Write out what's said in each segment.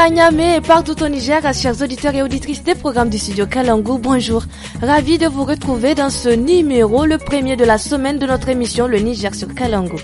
à et partout au Niger, à chers auditeurs et auditrices des programmes du studio Kalango, bonjour. Ravi de vous retrouver dans ce numéro, le premier de la semaine de notre émission Le Niger sur Kalango.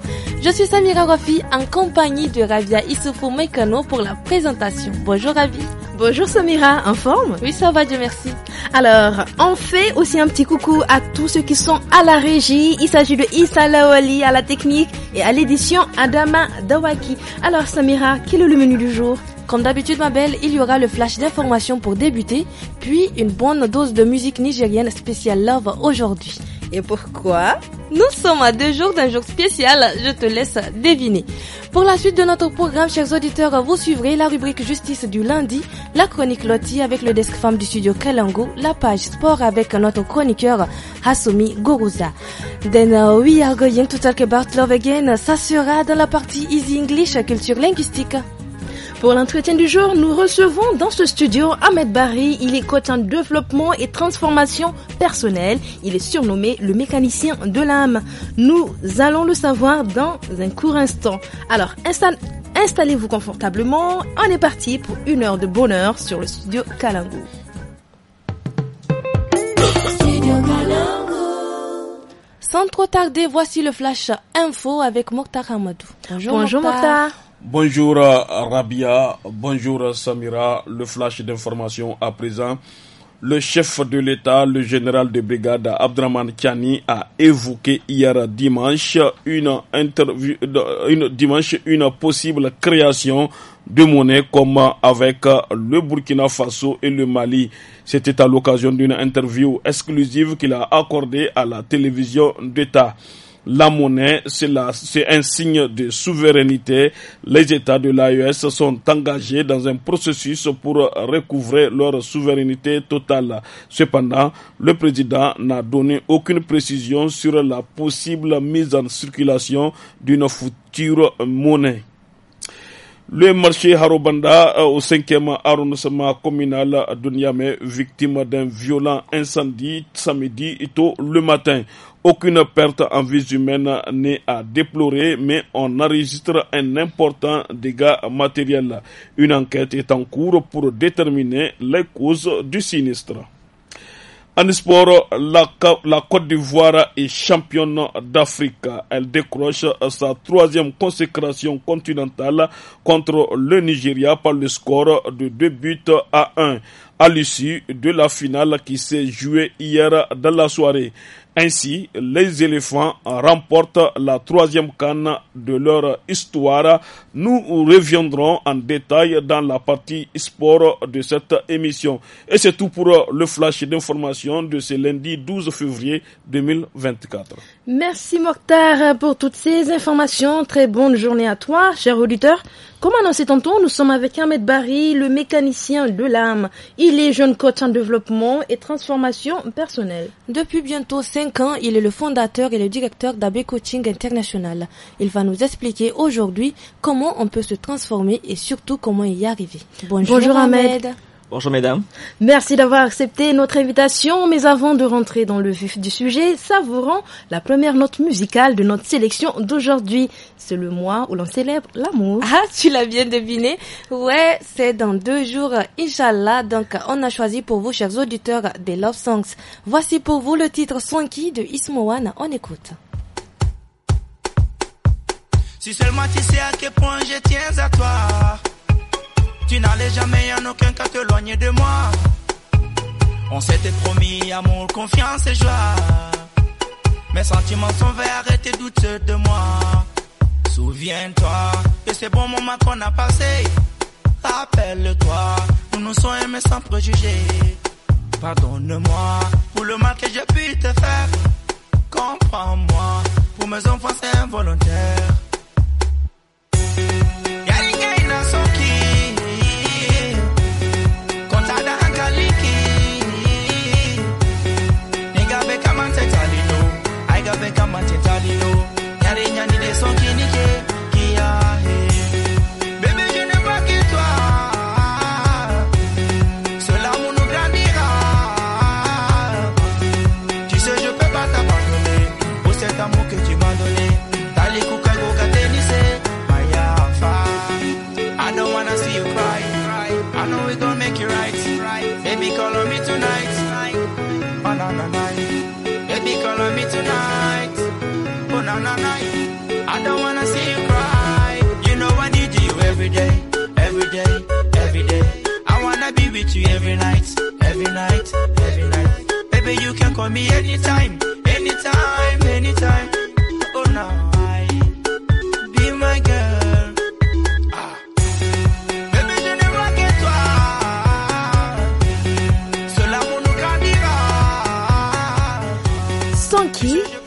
Je suis Samira Rafi en compagnie de Ravia Issoufou Mekano pour la présentation. Bonjour Ravi. Bonjour Samira, en forme Oui, ça va, Dieu merci. Alors, on fait aussi un petit coucou à tous ceux qui sont à la régie. Il s'agit de Issa Lawali à la technique et à l'édition Adama Dawaki. Alors Samira, quel est le menu du jour comme d'habitude, ma belle, il y aura le flash d'information pour débuter, puis une bonne dose de musique nigérienne spéciale Love aujourd'hui. Et pourquoi Nous sommes à deux jours d'un jour spécial, je te laisse deviner. Pour la suite de notre programme, chers auditeurs, vous suivrez la rubrique justice du lundi, la chronique Lotti avec le desk femme du studio Kalango, la page sport avec notre chroniqueur Hasumi Goruza. Then uh, we are going to talk about love again, ça sera dans la partie Easy English, culture linguistique. Pour l'entretien du jour, nous recevons dans ce studio Ahmed Barry. Il est coach en développement et transformation personnelle. Il est surnommé le mécanicien de l'âme. Nous allons le savoir dans un court instant. Alors, installez-vous confortablement. On est parti pour une heure de bonheur sur le studio Kalango. Sans trop tarder, voici le flash info avec Mokhtar Hamadou. Bonjour, Bonjour Mokhtar. Bonjour Rabia, bonjour Samira, le flash d'information à présent. Le chef de l'État, le général de brigade Abdraman Kiani, a évoqué hier dimanche une, interview, une, dimanche, une possible création de monnaie comme avec le Burkina Faso et le Mali. C'était à l'occasion d'une interview exclusive qu'il a accordée à la télévision d'État la monnaie, c'est un signe de souveraineté. Les États de l'AES sont engagés dans un processus pour recouvrer leur souveraineté totale. Cependant, le président n'a donné aucune précision sur la possible mise en circulation d'une future monnaie. Le marché Harobanda euh, au cinquième arrondissement communal Niamey, victime d'un violent incendie samedi et tôt le matin. Aucune perte en vie humaine n'est à déplorer, mais on enregistre un important dégât matériel. Une enquête est en cours pour déterminer les causes du sinistre. En sport, la, Côte d'Ivoire est championne d'Afrique. Elle décroche sa troisième consécration continentale contre le Nigeria par le score de 2 buts à 1 à l'issue de la finale qui s'est jouée hier dans la soirée. Ainsi, les éléphants remportent la troisième canne de leur histoire. Nous reviendrons en détail dans la partie sport de cette émission. Et c'est tout pour le flash d'information de ce lundi 12 février 2024. Merci Mokhtar pour toutes ces informations. Très bonne journée à toi, cher auditeur. Comme annoncé tantôt, nous sommes avec Ahmed Barry, le mécanicien de l'âme. Il est jeune coach en développement et transformation personnelle. Depuis bientôt 5 ans, il est le fondateur et le directeur d'AB Coaching International. Il va nous expliquer aujourd'hui comment on peut se transformer et surtout comment y arriver. Bonjour, Ahmed. Bonjour mesdames. Merci d'avoir accepté notre invitation, mais avant de rentrer dans le vif du sujet, savourons la première note musicale de notre sélection d'aujourd'hui. C'est le mois où l'on célèbre l'amour. Ah, tu l'as bien deviné. Ouais, c'est dans deux jours, Inch'Allah. Donc, on a choisi pour vous, chers auditeurs, des love songs. Voici pour vous le titre Sanki de Ismoan. On écoute. Si seulement tu sais à quel point je tiens à toi. Tu n'allais jamais en aucun cas t'éloigner de moi. On s'était promis amour, confiance et joie. Mes sentiments sont verts et tes doutes de moi. Souviens-toi de ces bons moments qu'on a passés. Rappelle-toi, nous nous sommes aimés sans préjugés. Pardonne-moi pour le mal que j'ai pu te faire. Comprends-moi, pour mes enfants c'est involontaire. for ah. ah.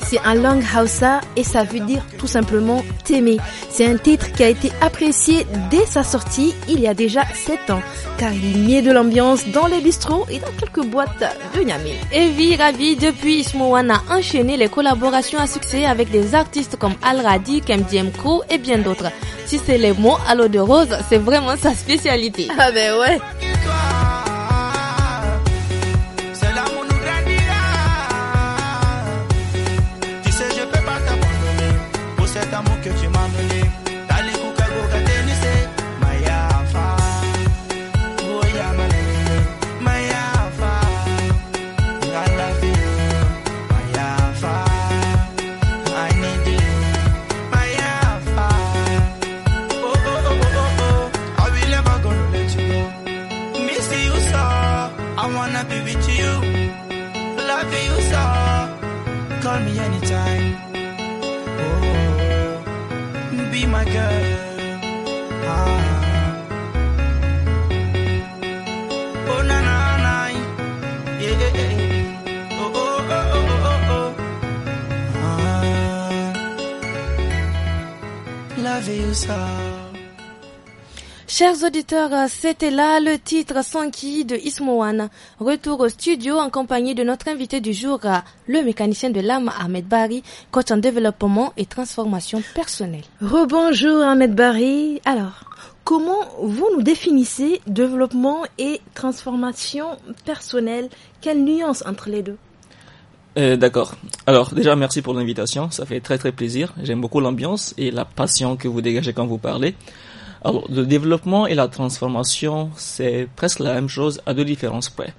c'est un langue Hausa et ça veut dire tout simplement t'aimer. C'est un titre qui a été apprécié dès sa sortie il y a déjà 7 ans, car il met de l'ambiance dans les bistrots et dans quelques boîtes de Niamey. Evi Ravi, depuis Ismoan a enchaîné les collaborations à succès avec des artistes comme Al Radi, Kem Diemko et bien d'autres. Si c'est les mots à l'eau de rose, c'est vraiment sa spécialité. Ah ben ouais Chers auditeurs, euh, c'était là le titre Sanki de Ismoan. Retour au studio en compagnie de notre invité du jour, euh, le mécanicien de l'âme Ahmed Bari, coach en développement et transformation personnelle. Rebonjour Ahmed Bari. Alors, comment vous nous définissez développement et transformation personnelle Quelle nuance entre les deux euh, D'accord. Alors déjà, merci pour l'invitation. Ça fait très très plaisir. J'aime beaucoup l'ambiance et la passion que vous dégagez quand vous parlez. Alors, le développement et la transformation, c'est presque la même chose à deux différences près.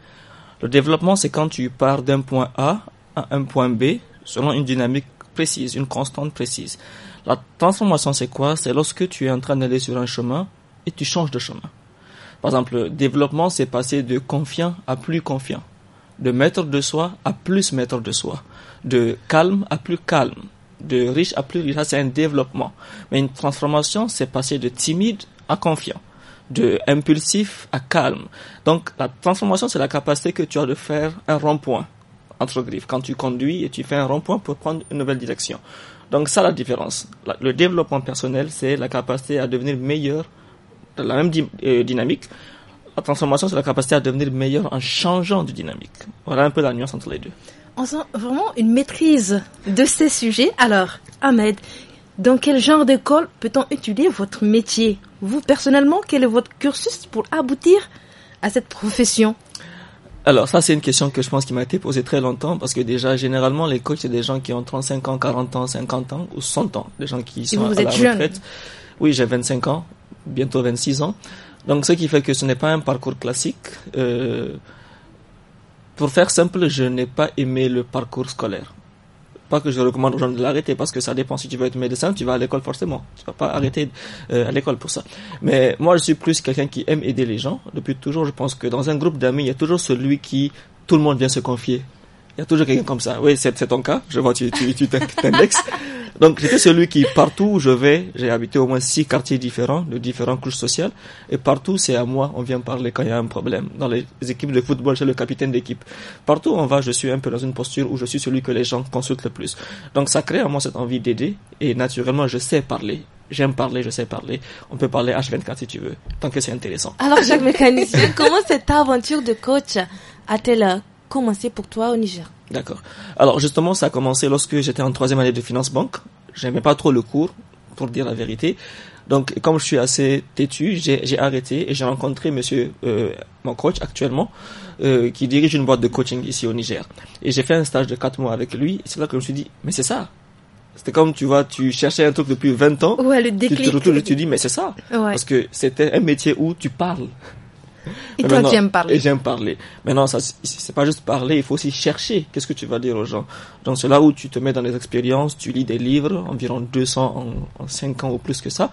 Le développement, c'est quand tu pars d'un point A à un point B selon une dynamique précise, une constante précise. La transformation, c'est quoi C'est lorsque tu es en train d'aller sur un chemin et tu changes de chemin. Par exemple, le développement, c'est passer de confiant à plus confiant, de maître de soi à plus maître de soi, de calme à plus calme, de riche à plus riche, ça c'est un développement. Mais une transformation, c'est passer de timide à confiant, de impulsif à calme. Donc la transformation, c'est la capacité que tu as de faire un rond-point entre griffes. Quand tu conduis et tu fais un rond-point pour prendre une nouvelle direction. Donc ça la différence. Le développement personnel, c'est la capacité à devenir meilleur dans la même euh, dynamique. La transformation, c'est la capacité à devenir meilleur en changeant de dynamique. Voilà un peu la nuance entre les deux. En vraiment une maîtrise de ces sujets. Alors, Ahmed, dans quel genre d'école peut-on étudier votre métier Vous, personnellement, quel est votre cursus pour aboutir à cette profession alors ça c'est une question que je pense qui m'a été posée très longtemps parce que déjà généralement les coachs c'est des gens qui ont 35 ans, 40 ans, 50 ans ou 100 ans, des gens qui sont à, la Oui j'ai 25 ans, bientôt 26 ans. Donc ce qui fait que ce n'est pas un parcours classique. Euh, pour faire simple, je n'ai pas aimé le parcours scolaire. Pas que je recommande aux gens de l'arrêter, parce que ça dépend. Si tu veux être médecin, tu vas à l'école forcément. Tu vas pas arrêter euh, à l'école pour ça. Mais moi, je suis plus quelqu'un qui aime aider les gens. Depuis toujours, je pense que dans un groupe d'amis, il y a toujours celui qui, tout le monde vient se confier. Il y a toujours quelqu'un comme ça. Oui, c'est ton cas. Je vois, tu t'indexes. Tu, tu donc j'étais celui qui, partout où je vais, j'ai habité au moins six quartiers différents, de différentes couches sociales, et partout c'est à moi, on vient parler quand il y a un problème. Dans les équipes de football, j'ai le capitaine d'équipe. Partout où on va, je suis un peu dans une posture où je suis celui que les gens consultent le plus. Donc ça crée à moi cette envie d'aider, et naturellement je sais parler j'aime parler, je sais parler. On peut parler H24 si tu veux, tant que c'est intéressant. Alors, Jacques mécanicien, comment cette aventure de coach a-t-elle commencé pour toi au Niger D'accord. Alors justement, ça a commencé lorsque j'étais en troisième année de finance banque. J'aimais pas trop le cours, pour dire la vérité. Donc, comme je suis assez têtu, j'ai arrêté et j'ai rencontré monsieur, euh, mon coach actuellement, euh, qui dirige une boîte de coaching ici au Niger. Et j'ai fait un stage de quatre mois avec lui. C'est là que je me suis dit, mais c'est ça. C'était comme, tu vois, tu cherchais un truc depuis 20 ans. Ouais, le déclic. Tu te et tu dis, mais c'est ça. Parce que c'était un métier où tu parles. Et toi, tu aimes parler. Et j'aime parler. Maintenant, ça, c'est pas juste parler, il faut aussi chercher. Qu'est-ce que tu vas dire aux gens? Donc, c'est là où tu te mets dans les expériences, tu lis des livres, environ 200 en, en 5 ans ou plus que ça.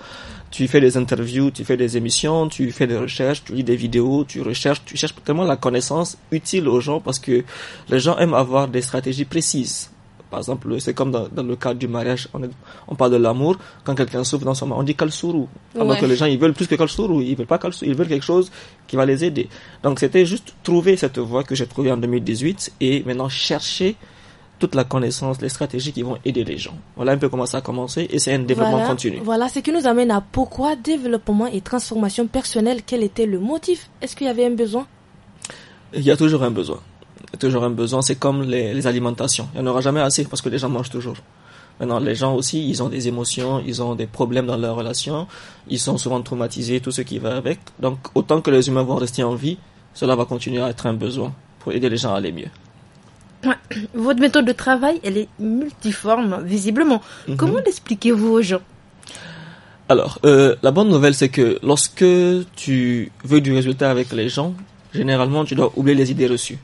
Tu fais des interviews, tu fais des émissions, tu fais des recherches, tu lis des vidéos, tu recherches, tu cherches tellement la connaissance utile aux gens parce que les gens aiment avoir des stratégies précises par exemple, c'est comme dans, le cas du mariage, on, parle de l'amour. Quand quelqu'un souffre dans son mariage, on dit kalsuru. Alors que les gens, ils veulent plus que kalsuru. Ils veulent pas kalsuru. Ils veulent quelque chose qui va les aider. Donc, c'était juste trouver cette voie que j'ai trouvée en 2018 et maintenant chercher toute la connaissance, les stratégies qui vont aider les gens. Voilà un peu comment ça a commencé et c'est un développement continu. Voilà ce qui nous amène à pourquoi développement et transformation personnelle, quel était le motif Est-ce qu'il y avait un besoin Il y a toujours un besoin toujours un besoin. C'est comme les, alimentations. Il n'y en aura jamais assez parce que les gens mangent toujours. Maintenant, les gens aussi, ils ont des émotions, ils ont des problèmes dans leurs relations, ils sont souvent traumatisés, tout ce qui va avec. Donc, autant que les humains vont rester en vie, cela va continuer à être un besoin pour aider les gens à aller mieux. Votre méthode de travail, elle est multiforme, visiblement. Mhm. Comment l'expliquez-vous aux gens Alors, euh, la bonne nouvelle, c'est que lorsque tu veux du résultat avec les gens, généralement, tu dois oublier les idées reçues.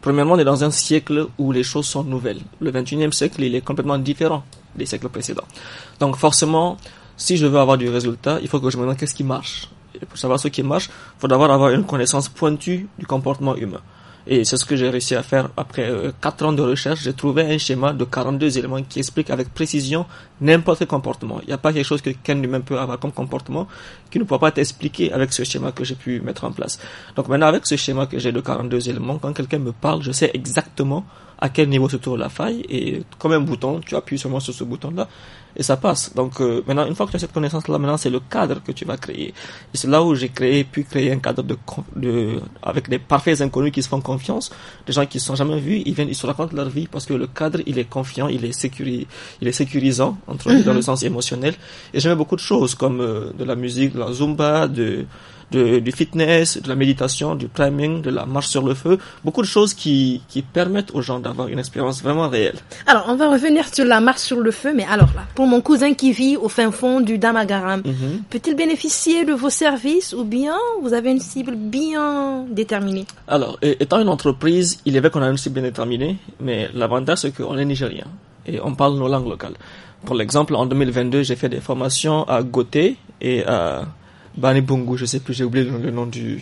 Premièrement, on est dans un siècle où les choses sont nouvelles. Le 21e siècle, il est complètement différent des siècles précédents. Donc forcément, si je veux avoir du résultat, il faut que je me demande qu'est-ce qui marche. Et pour savoir ce qui marche, il faut d'abord avoir une connaissance pointue du comportement humain. Et c'est ce que j'ai réussi à faire après 4 euh, ans de recherche. J'ai trouvé un schéma de 42 éléments qui explique avec précision n'importe quel comportement. Il n'y a pas quelque chose que quelqu'un lui-même peut avoir comme comportement qui ne pourra pas t'expliquer avec ce schéma que j'ai pu mettre en place. Donc maintenant, avec ce schéma que j'ai de 42 éléments, quand quelqu'un me parle, je sais exactement à quel niveau se trouve la faille et comme un bouton, tu appuies seulement sur ce bouton-là et ça passe. Donc euh, maintenant, une fois que tu as cette connaissance-là, maintenant c'est le cadre que tu vas créer. Et c'est là où j'ai créé, pu créer un cadre de, de, avec des parfaits inconnus qui se font confiance, des gens qui ne sont jamais vus, ils viennent, ils se racontent leur vie parce que le cadre, il est confiant, il est, il est sécurisant entre dans le sens émotionnel. Et j'aimais beaucoup de choses comme euh, de la musique, de la zumba, de, de, du fitness, de la méditation, du climbing, de la marche sur le feu, beaucoup de choses qui, qui permettent aux gens d'avoir une expérience vraiment réelle. Alors, on va revenir sur la marche sur le feu, mais alors là, pour mon cousin qui vit au fin fond du Damagaram, mhm. peut-il bénéficier de vos services ou bien vous avez une cible bien déterminée Alors, étant une entreprise, il est vrai qu'on a une cible bien déterminée, mais l'avantage c'est qu'on est nigérien et on parle nos langues locales. Pour l'exemple, en 2022, j'ai fait des formations à Goté et à Banibungu, je sais plus, j'ai oublié le, nom du,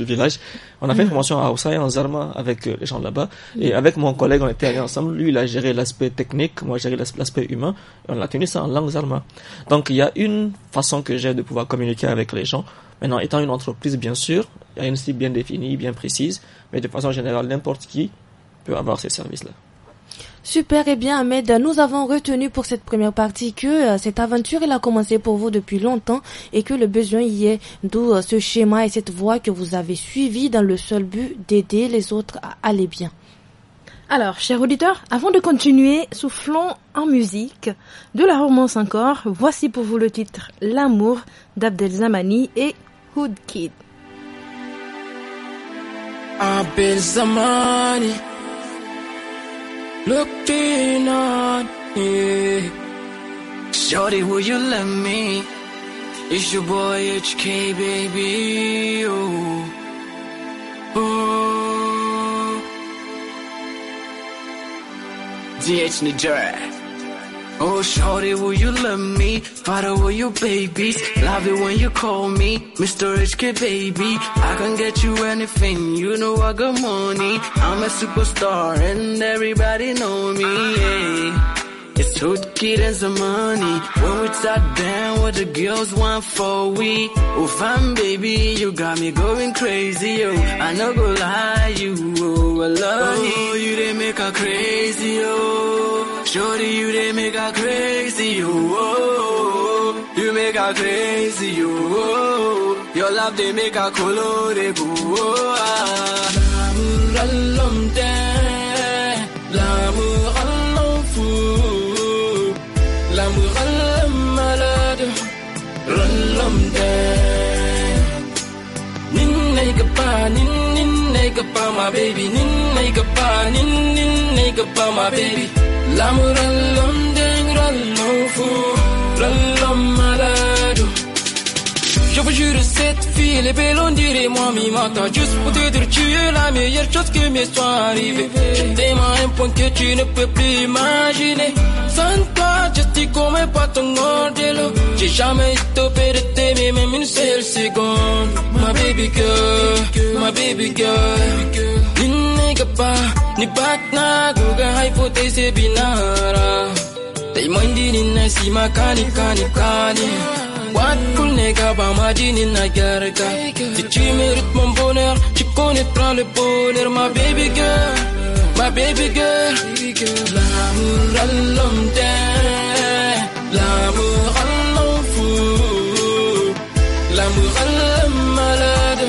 village. On a fait une formation à Hausa en Zarma avec euh, les gens là-bas. Et avec mon collègue, on était allés ensemble. Lui, il a géré l'aspect technique, moi, j'ai géré l'aspect humain. Et on a tenu ça en langue Zarma. Donc, il y a une façon que j'ai de pouvoir communiquer avec les gens. Maintenant, étant une entreprise, bien sûr, il y a une cible bien définie, bien précise. Mais de façon générale, n'importe qui peut avoir ces services-là. Super, et eh bien Ahmed, nous avons retenu pour cette première partie que euh, cette aventure, elle a commencé pour vous depuis longtemps et que le besoin y est, d'où euh, ce schéma et cette voie que vous avez suivi dans le seul but d'aider les autres à aller bien. Alors, chers auditeurs, avant de continuer, soufflons en musique de la romance encore. Voici pour vous le titre L'amour d'Abdelzamani et Hood Kid. looking on you, Shorty, will you let me? It's your boy HK, baby. Ooh. Ooh. DH Nigeria. Oh, shorty, will you love me? Father, will you, babies? Love it when you call me Mr. HK, baby. I can get you anything, you know I got money. I'm a superstar and everybody know me, yeah. It's hood kid, and some money. When we sat down, what the girls want for we. Oh, fam, baby, you got me going crazy, oh. I no go lie, you, oh, I love oh, you. Oh, you didn't make her crazy, oh. Shorty, you they make her crazy, oh, You make her crazy, oh, Your love they make her colorable, oh, ah. Lam l'amour à l'enfou, l'amour à malade, l'homme Nin nega nin nin nega my baby, nin nega nin nin nega my baby. L'amour à l'homme dingue, l'homme fou, l'homme malade. Je vous jure, cette fille, elle est on dirait moi, mais m'attend juste pour te dire, tu es la meilleure chose que m'est soit arrivée. Je t'aime à un point que tu ne peux plus imaginer. Santa Yo estoy come pato ngordelo J'ai jamais topé de t'aimer même une seule seconde My baby girl, my baby girl Ninne gappa, ni bat na Guga hai fote se binara Tay moindi ninna si cani kani kani Wakul nega ba madini na yarga Si tu mérites mon bonheur, tu connaîtras le bonheur Ma baby girl my baby girl, l'amour à l'homme l'amour à l'homme fou, l'amour à l'homme malade,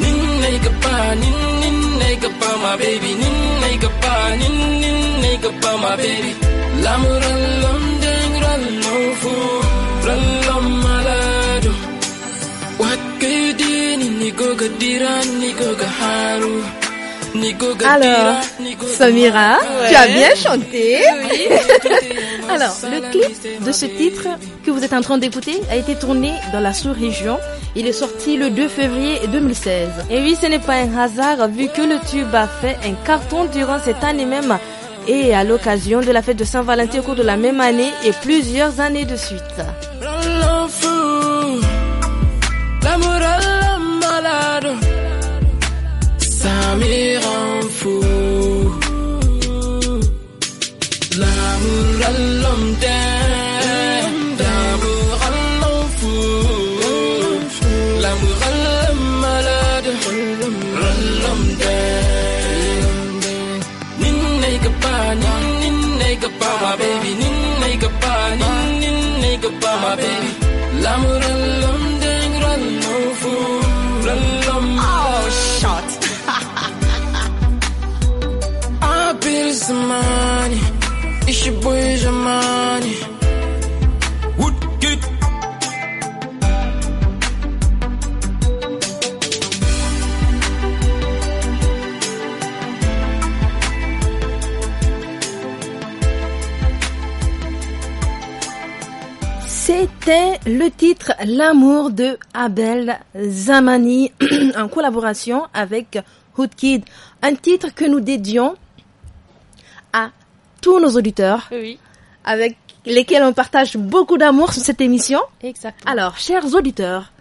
Nin nega pa, nin nin nega pa, my baby, nin nega pa, nin nin nega pa, my baby, l'amour à l'homme Alors, Samira, tu as bien chanté. Hein. Alors, le clip de ce titre que vous êtes en train d'écouter a été tourné dans la sous-région. Il est sorti le 2 février 2016. Et oui, ce n'est pas un hasard vu que le tube a fait un carton durant cette année même et à l'occasion de la fête de Saint-Valentin au cours de la même année et plusieurs années de suite. Ça me fou. le titre L'amour de Abel Zamani en collaboration avec Hoodkid. Un titre que nous dédions à tous nos auditeurs avec lesquels on partage beaucoup d'amour sur cette émission. Alors, chers auditeurs,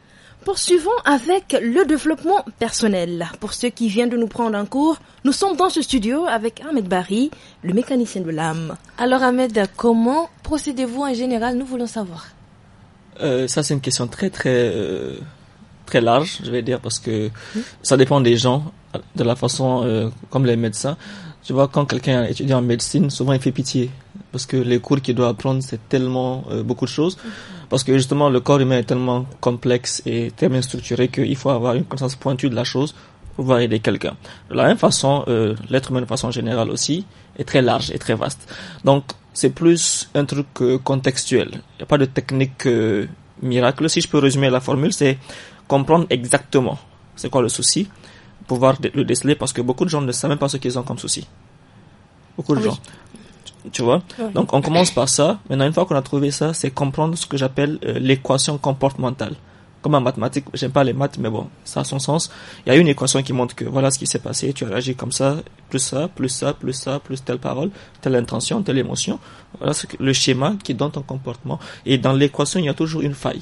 Poursuivons avec le développement personnel. Pour ceux qui viennent de nous prendre en cours, nous sommes dans ce studio avec Ahmed Barry, le mécanicien de l'âme. Alors Ahmed, comment procédez-vous en général Nous voulons savoir. Euh, ça, c'est une question très, très, euh, très large, je vais dire, parce que ça dépend des gens, de la façon euh, comme les médecins. Tu vois, quand quelqu'un étudiant en médecine, souvent il fait pitié, parce que les cours qu'il doit apprendre, c'est tellement beaucoup de choses. Parce que justement, le corps humain est tellement complexe et tellement structuré qu'il faut avoir une connaissance pointue de la chose pour pouvoir aider quelqu'un. De la même façon, l'être humain de façon générale aussi est très large et très vaste. Donc, c'est plus un truc euh, contextuel. Il n'y a pas de technique euh, miracle. Si je peux résumer la formule, c'est comprendre exactement c'est quoi le souci, pouvoir le déceler parce que beaucoup de gens ne savent même pas ce qu'ils ont comme souci. Beaucoup de ah gens. Tu, vois Donc on commence par ça. Maintenant, une fois qu'on a trouvé ça, c'est comprendre ce que j'appelle euh, l'équation comportementale comme en mathématiques, j'aime pas les maths, mais bon, ça a son sens. Il y a une équation qui montre que voilà ce qui s'est passé, tu as réagi comme ça, plus ça, plus ça, plus ça, plus telle parole, telle intention, telle émotion. Voilà le schéma qui donne ton comportement. Et dans l'équation, il y a toujours une faille.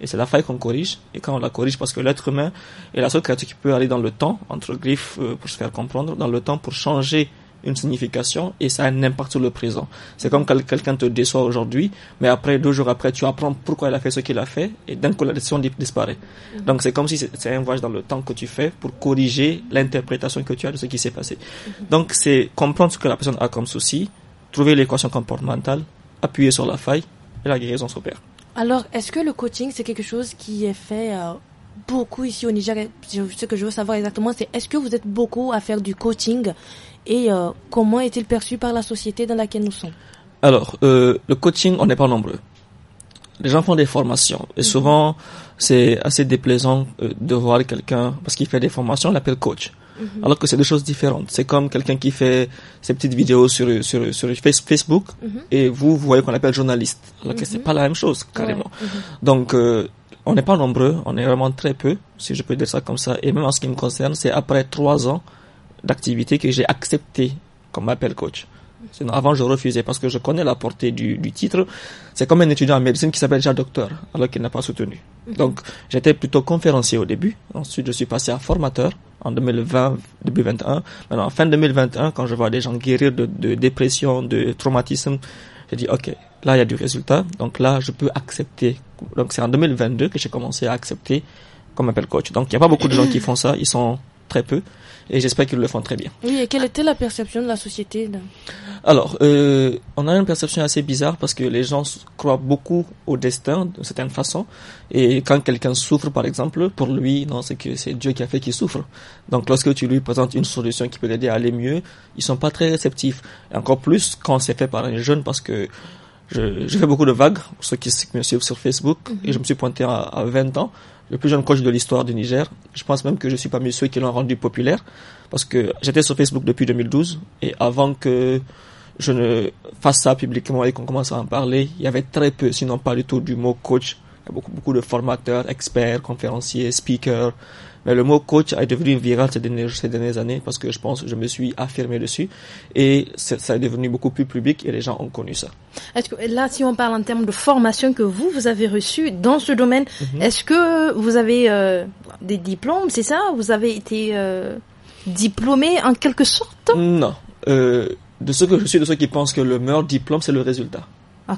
Et c'est la faille qu'on corrige. Et quand on la corrige, parce que l'être humain est la seule créature qui peut aller dans le temps, entre griffes, euh, pour se faire comprendre, dans le temps pour changer une signification et ça a un impact sur le présent. C'est comme quand quelqu'un te déçoit aujourd'hui, mais après, deux jours après, tu apprends pourquoi il a fait ce qu'il a fait et d'un coup, la décision disparaît. Mm-hmm. Donc, c'est comme si c'est un voyage dans le temps que tu fais pour corriger l'interprétation que tu as de ce qui s'est passé. Mm-hmm. Donc, c'est comprendre ce que la personne a comme souci, trouver l'équation comportementale, appuyer sur la faille et la guérison s'opère. Alors, est-ce que le coaching, c'est quelque chose qui est fait euh, beaucoup ici au Niger. Ce que je veux savoir exactement, c'est est-ce que vous êtes beaucoup à faire du coaching et euh, comment est-il perçu par la société dans laquelle nous sommes Alors, euh, le coaching, on n'est pas nombreux. Les gens font des formations et mhm. souvent c'est assez déplaisant euh, de voir quelqu'un parce qu'il fait des formations, on l'appelle coach. Mhm. alors que c'est deux choses différentes. C'est comme quelqu'un qui fait ses petites vidéos sur, sur, sur Facebook mhm. et vous, vous voyez qu'on l'appelle journaliste, alors que c'est pas la même chose, carrément. Donc, on n'est pas nombreux, on est vraiment très peu, si je peux dire ça comme ça. Et même en ce qui me concerne, c'est après trois ans d'activité que j'ai accepté comme appel coach. Sinon, avant, je refusais parce que je connais la portée du, titre. C'est comme un étudiant en médecine qui s'appelle déjà docteur, alors qu'il n'a pas soutenu. Mhm. Donc, j'étais plutôt conférencier au début. Ensuite, je suis passé à formateur en 2020, début 2021. Maintenant, en fin 2021, quand je vois des gens guérir de, de dépression, de traumatisme, j'ai dit, OK, là il y a du résultat, donc là je peux accepter. Donc c'est en 2022 que j'ai commencé à accepter qu'on m'appelle coach. Donc il n'y a pas beaucoup de gens qui font ça, ils sont très peu et j'espère qu'ils le font très bien. Oui, et quelle était la perception de la société Alors, euh, on a une perception assez bizarre parce que les gens croient beaucoup au destin d'une certaine façon et quand quelqu'un souffre par exemple, pour lui, non, c'est que c'est Dieu qui a fait qu'il souffre. Donc lorsque tu lui présentes une solution qui peut l'aider à aller mieux, ils sont pas très réceptifs. Et encore plus quand c'est fait par un jeune parce que j'ai fait beaucoup de vagues, pour ceux qui, me suivent sur Facebook, et je me suis pointé à, 20 ans, le plus jeune coach de l'histoire du Niger. Je pense même que je suis parmi ceux qui l'ont rendu populaire, parce que j'étais sur Facebook depuis 2012, et avant que je ne fasse ça publiquement et qu'on commence à en parler, il y avait très peu, sinon pas du tout, du mot coach. Il y a beaucoup, beaucoup de formateurs, experts, conférenciers, speakers, mais le mot coach est devenu viral ces dernières, années parce que je pense que je me suis affirmé dessus et ça est devenu beaucoup plus public et les gens ont connu ça. Est-ce que là, si on parle en termes de formation que vous vous avez reçue dans ce domaine, mhm. est-ce que vous avez euh, des diplômes, c'est ça Vous avez été euh, diplômé en quelque sorte Non. Euh, de ceux que je suis, de ceux qui pensent que le meilleur diplôme, c'est le résultat.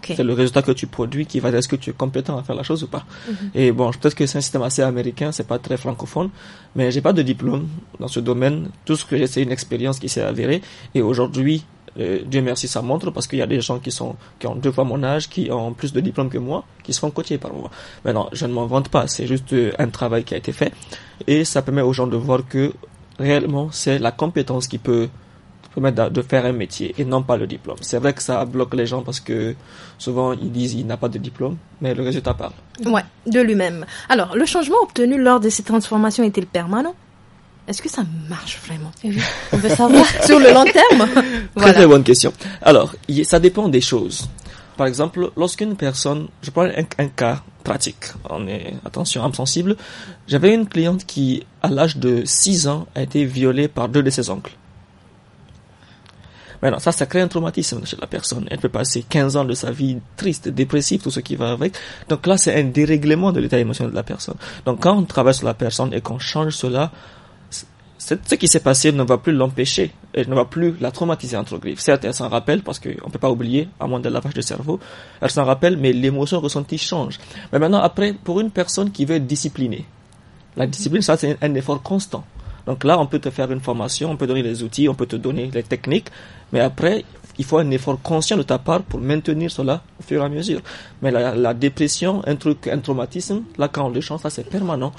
C'est le résultat que tu produis qui va dire est-ce que tu es compétent à faire la chose ou pas. Mhm. Et bon, peut-être que c'est un système assez américain, c'est pas très francophone, mais j'ai pas de diplôme dans ce domaine. Tout ce que j'ai, c'est une expérience qui s'est avérée. Et aujourd'hui, euh, Dieu merci, ça montre parce qu'il y a des gens qui sont qui ont deux fois mon âge, qui ont plus de diplômes que moi, qui sont côtiers par moi. Mais non, je ne m'en vante pas. C'est juste euh, un travail qui a été fait et ça permet aux gens de voir que réellement c'est la compétence qui peut de faire un métier et non pas le diplôme. C'est vrai que ça bloque les gens parce que souvent ils disent il n'a pas de diplôme, mais le résultat parle. Ouais, de lui-même. Alors, le changement obtenu lors de ces transformations est-il permanent est-ce que ça marche vraiment eh On veut savoir sur le long terme. Très, très bonne question. Alors, ça dépend des choses. Par exemple, lorsqu'une personne, je prends un, cas pratique, on est, attention, âme sensible, j'avais une cliente qui, à l'âge de 6 ans, a été violée par deux de ses oncles. Maintenant, ça, ça crée un traumatisme chez la personne. Elle peut passer 15 ans de sa vie triste, dépressive, tout ce qui va avec. Donc là, c'est un dérèglement de l'état émotionnel de la personne. Donc quand on travaille sur la personne et qu'on change cela, ce qui s'est passé ne va plus l'empêcher, elle ne va plus la traumatiser entre griffes. Certes, elle s'en rappelle parce qu'on ne peut pas oublier, à moins de lavage de cerveau, elle s'en rappelle, mais l'émotion ressentie change. Mais maintenant, après, pour une personne qui veut être disciplinée, la discipline, ça c'est un effort constant. Donc là, on peut te faire une formation, on peut donner les outils, on peut te donner les techniques, mais après, il faut un effort conscient de ta part pour maintenir cela au fur et à mesure. Mais la, dépression, un truc, un traumatisme, là, quand on le change, ça c'est permanent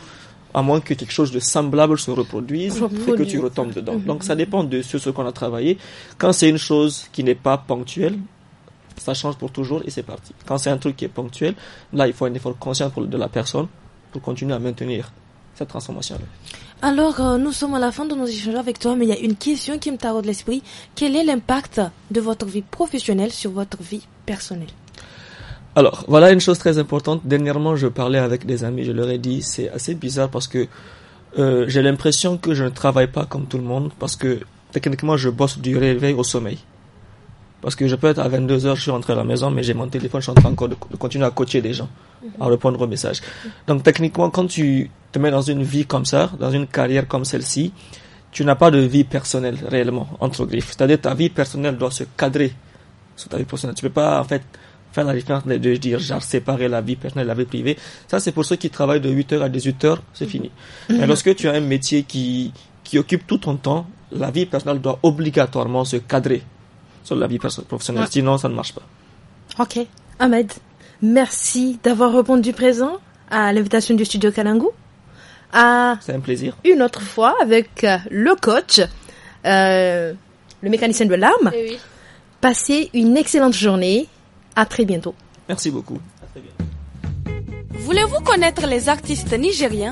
à moins que quelque chose de semblable se reproduise et que tu retombes dedans. Mhm. Donc ça dépend de ce, ce qu'on a travaillé. Quand c'est une chose qui n'est pas ponctuelle, ça change pour toujours et c'est parti. Quand c'est un truc qui est ponctuel, là il faut un effort conscient de la personne pour continuer à maintenir cette transformation-là. Alors, euh, nous sommes à la fin de nos échanges avec toi, mais il y a une question qui me taraude l'esprit. Quel est l'impact de votre vie professionnelle sur votre vie personnelle Alors, voilà une chose très importante. Dernièrement, je parlais avec des amis, je leur ai dit, c'est assez bizarre parce que euh, j'ai l'impression que je ne travaille pas comme tout le monde parce que techniquement, je bosse du réveil au sommeil. Parce que je peux être à 22h, je suis rentré à la maison, mais j'ai mon téléphone, je suis en train encore de, continuer à coacher des gens, mhm. à répondre aux messages. Donc techniquement, quand tu te mets dans une vie comme ça, dans une carrière comme celle-ci, tu n'as pas de vie personnelle réellement, entre griffes. C'est-à-dire ta vie personnelle doit se cadrer sur ta vie personnelle. Tu peux pas en fait faire la différence de, dire genre séparer la vie personnelle et la vie privée. Ça c'est pour ceux qui travaillent de 8h à 18h, c'est mhm. fini. Mais mhm. lorsque tu as un métier qui qui occupe tout ton temps, la vie personnelle doit obligatoirement se cadrer sur la vie professionnelle. Sinon, ça ne marche pas. Ok. Ahmed, merci d'avoir répondu présent à l'invitation du studio Kalangu. C'est un plaisir. Une autre fois avec euh, le coach, euh, le mécanicien de l'âme. Eh oui. Passez une excellente journée. À très bientôt. Merci beaucoup. Voulez-vous connaître les artistes nigériens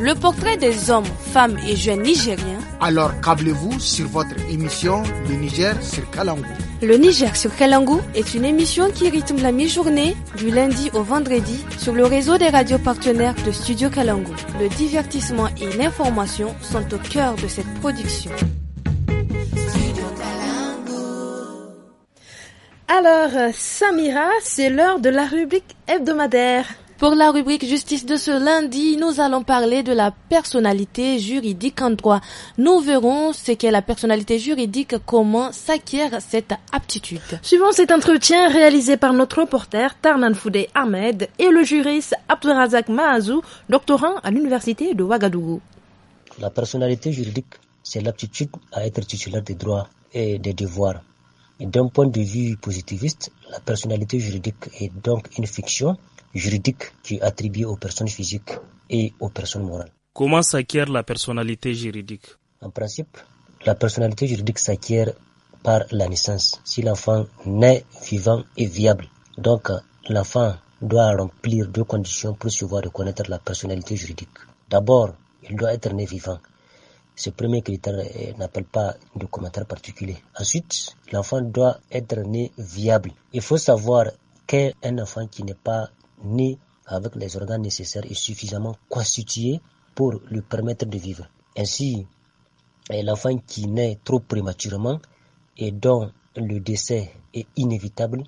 le portrait des hommes, femmes et jeunes nigériens. Alors câblez-vous sur votre émission Le Niger sur Kalangu. Le Niger sur Kalangu est une émission qui rythme la mi-journée du lundi au vendredi sur le réseau des radios partenaires de Studio Kalangu. Le divertissement et l'information sont au cœur de cette production. Alors, euh, Samira, c'est l'heure de la rubrique hebdomadaire. Pour la rubrique justice de ce lundi, nous allons parler de la personnalité juridique en droit. Nous verrons ce qu'est la personnalité juridique, comment s'acquiert cette aptitude. Suivant cet entretien réalisé par notre reporter Tarnan Foudé Ahmed et le juriste Abdelrazak Mahazou, doctorant à l'université de Ouagadougou. La personnalité juridique, c'est l'aptitude à être titulaire des droits et des devoirs. D'un point de vue positiviste, la personnalité juridique est donc une fiction juridique qui est attribué aux personnes physiques et aux personnes morales. Comment s'acquiert la personnalité juridique En principe, la personnalité juridique s'acquiert par la naissance, si l'enfant naît vivant et viable. Donc, l'enfant doit remplir deux conditions pour se voir reconnaître la personnalité juridique. D'abord, il doit être né vivant. Ce premier critère eh, n'appelle pas de commentaire particulier. Ensuite, l'enfant doit être né viable. Il faut savoir qu'un enfant qui n'est pas né avec les organes nécessaires et suffisamment constitués pour lui permettre de vivre. Ainsi, l'enfant qui naît trop prématurément et dont le décès est inévitable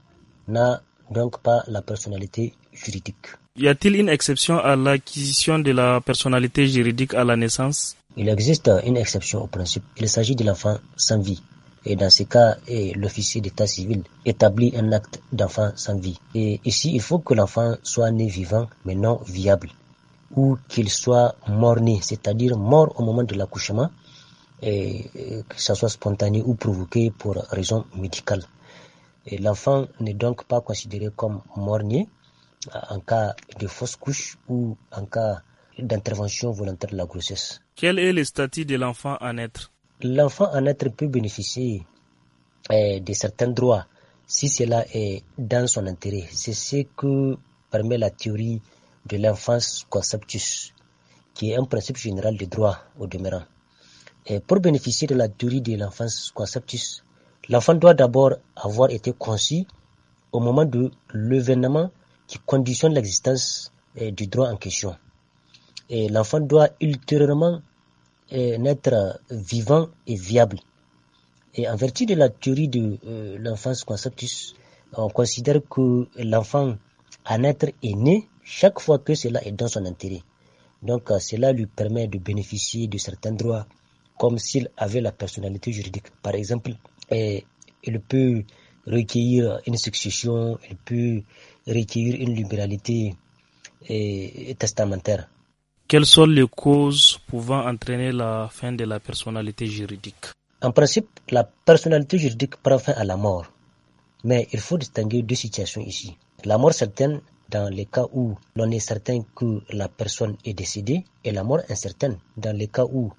n'a donc pas la personnalité juridique. Y a-t-il une exception à l'acquisition de la personnalité juridique à la naissance Il existe une exception au principe. Il s'agit de l'enfant sans vie. Et dans ces cas, eh, l'officier d'état civil établit un acte d'enfant sans vie. Et ici, il faut que l'enfant soit né vivant, mais non viable, ou qu'il soit mort-né, c'est-à-dire mort au moment de l'accouchement, et que ça soit spontané ou provoqué pour raison médicale. Et l'enfant n'est donc pas considéré comme mort-né en cas de fausse couche ou en cas d'intervention volontaire de la grossesse. Quel est le statut de l'enfant à naître l'enfant en être peut bénéficier eh, de certains droits si cela est dans son intérêt. C'est ce que permet la théorie de l'enfance conceptus, qui est un principe général de droit au demeurant. Eh, pour bénéficier de la théorie de l'enfance conceptus, l'enfant doit d'abord avoir été conçu au moment de l'événement qui conditionne l'existence eh, du droit en question. Et l'enfant doit ultérieurement être vivant et viable. Et en vertu de la théorie de euh, l'enfance conceptus, on considère que l'enfant à naître est né chaque fois que cela est dans son intérêt. Donc euh, cela lui permet de bénéficier de certains droits, comme s'il avait la personnalité juridique. Par exemple, il peut recueillir une succession, il peut recueillir une libéralité testamentaire. Quelles sont les causes pouvant entraîner la fin de la personnalité juridique En principe, la personnalité juridique prend fin à la mort. Mais il faut distinguer deux situations ici. La mort certaine dans les cas où l'on est certain que la personne est décédée et la mort incertaine dans les cas où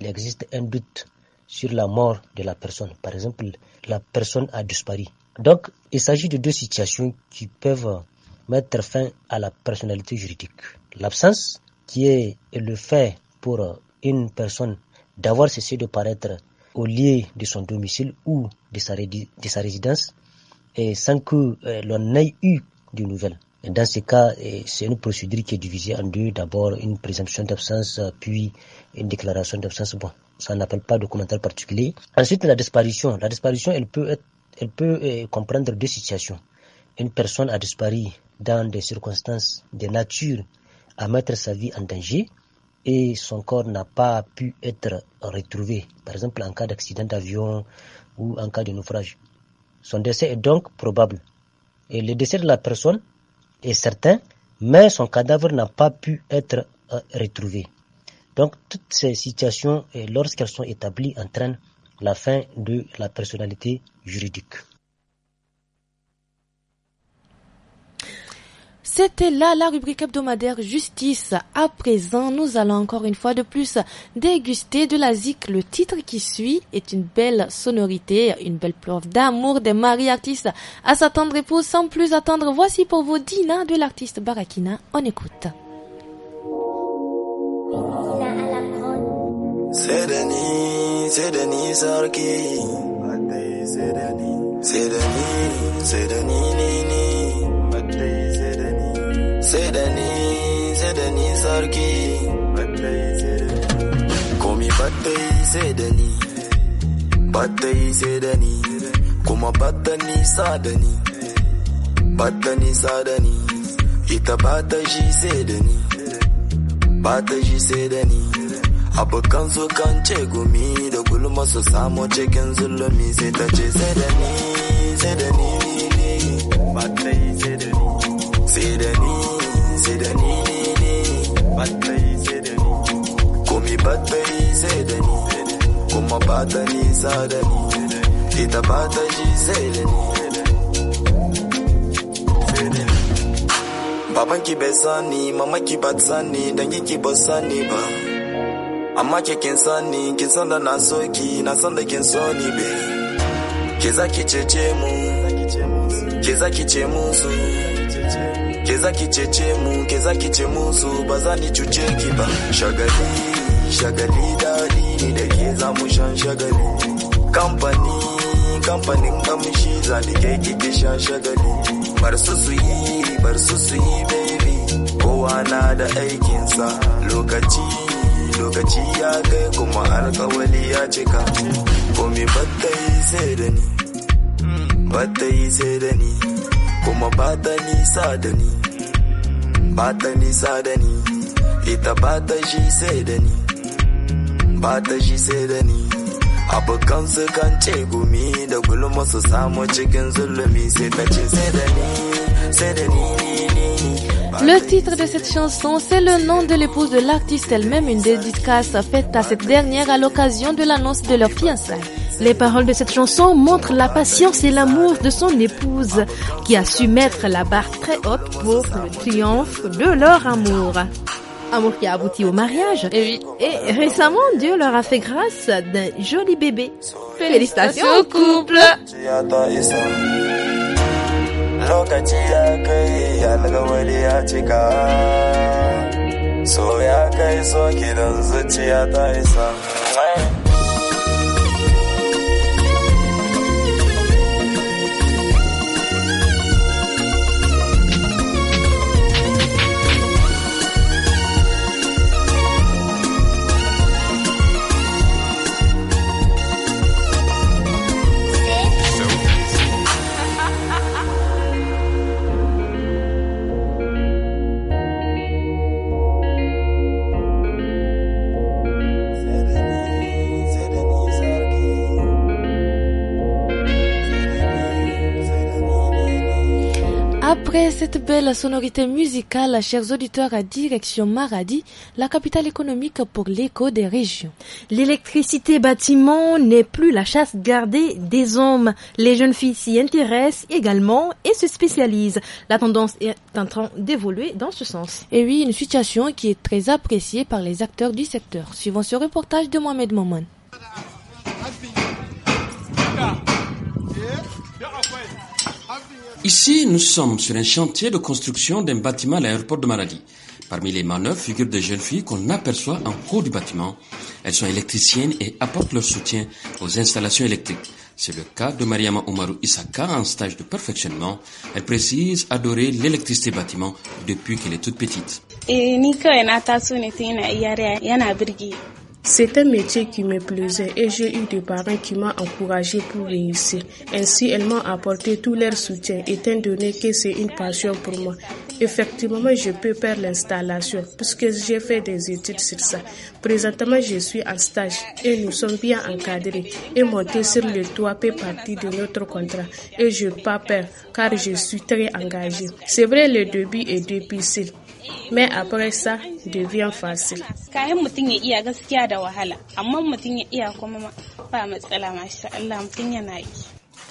il existe un doute sur la mort de la personne. Par exemple, la personne a disparu. Donc, il s'agit de deux situations qui peuvent mettre fin à la personnalité juridique. L'absence qui est le fait pour une personne d'avoir cessé de paraître au lieu de son domicile ou de sa, résidence et sans que euh, l'on ait eu de nouvelles. Dans ce cas, euh, c'est une procédure qui est divisée en deux. D'abord, une présomption d'absence, puis une déclaration d'absence. Bon, ça n'appelle pas de commentaire particulier. Ensuite, la disparition. La disparition, elle peut, être, elle peut euh, comprendre deux situations. Une personne a disparu dans des circonstances de nature à mettre sa vie en danger et son corps n'a pas pu être retrouvé, par exemple en cas d'accident d'avion ou en cas de naufrage. Son décès est donc probable. Et le décès de la personne est certain, mais son cadavre n'a pas pu être euh, retrouvé. Donc toutes ces situations, lorsqu'elles sont établies, entraînent la fin de la personnalité juridique. C'était là la rubrique hebdomadaire Justice. À présent, nous allons encore une fois de plus déguster de la zik. Le titre qui suit est une belle sonorité, une belle preuve d'amour des maris artistes à s'attendre tendre épouse. Sans plus attendre, voici pour vous Dina de l'artiste Barakina. On écoute. sai da ni sai da ni sarki komi battai sai da ni battai sai da ni kuma batta sa da ni batta sa da ni ita bata shi sai da ni bata shi sai da ni abokan su kan ce gumi da gulma su samu cikin zulumi sai ta ce sai da ni sai da ni sai da ni c'est Denis, mama kibatsani dangi kibosani ba. amma ke kin sani na soki na sanda kensoni be ke zaki cece mu ke zaki keza zaki cece mu ke zaki ce musu ba za ni cuce ki ba shagali shagali dali ni da ke za mu shan shagali kamfani kamfanin kamshi za ni ke shagali bar yi bar yi baby kowa na da aikinsa lokaci lokaci ya kai kuma alkawali ya cika komi batta yi sai da ni hmm, batta yi sai da ni Le titre de cette chanson, c'est le nom de l'épouse de l'artiste elle-même, une dédicace faite à cette dernière à l'occasion de l'annonce de leur fiançailles. Les paroles de cette chanson montrent la patience et l'amour de son épouse, qui a su mettre la barre très haute pour le triomphe de leur amour. Amour qui a abouti au mariage. Eh et, récemment, Dieu leur a fait grâce d'un joli bébé. Félicitations, au couple! Après cette belle sonorité musicale, chers auditeurs, à direction Maradi, la capitale économique pour l'écho des régions. L'électricité bâtiment n'est plus la chasse gardée des hommes. Les jeunes filles s'y intéressent également et se spécialisent. La tendance est en train d'évoluer dans ce sens. Et oui, une situation qui est très appréciée par les acteurs du secteur. Suivant ce reportage de Mohamed Moman Ici, nous sommes sur un chantier de construction d'un bâtiment à l'aéroport de Maradi. Parmi les manœuvres figurent des jeunes filles qu'on aperçoit en haut du bâtiment. Elles sont électriciennes et apportent leur soutien aux installations électriques. C'est le cas de Mariama Omaru Isaka en stage de perfectionnement. Elle précise adorer l'électricité bâtiment depuis qu'elle est toute petite. Eh, c'est un métier qui me plaisait et j'ai eu des parents qui m'ont encouragé pour réussir. Ainsi, elles m'ont apporté tout leur soutien, étant donné que c'est une passion pour moi. Effectivement, je peux faire l'installation puisque j'ai fait des études sur ça. Présentement, je suis en stage et nous sommes bien encadrés. Et monter sur le toit peut partie de notre contrat. Et je n'ai pas peur car je suis très engagé. C'est vrai, le début est difficile, mais après ça, il facile. facile.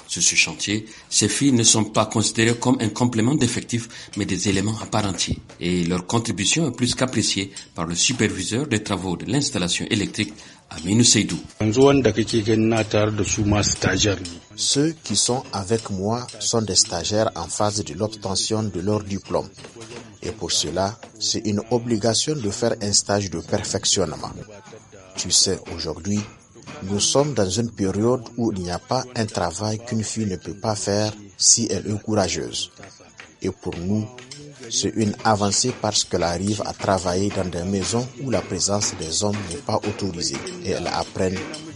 Sur ce chantier, ces filles ne sont pas considérées comme un complément d'effectif, mais des éléments à part entière. Et leur contribution est plus qu'appréciée par le superviseur des travaux de l'installation électrique, à Seydou. Ceux qui sont avec moi sont des stagiaires en phase de l'obtention de leur diplôme. Et pour cela, c'est une obligation de faire un stage de perfectionnement. Tu sais, aujourd'hui, nous sommes dans une période où il n'y a pas un travail qu'une fille ne peut pas faire si elle est courageuse. Et pour nous, c'est une avancée parce qu'elle arrive à travailler dans des maisons où la présence des hommes n'est pas autorisée et elle apprend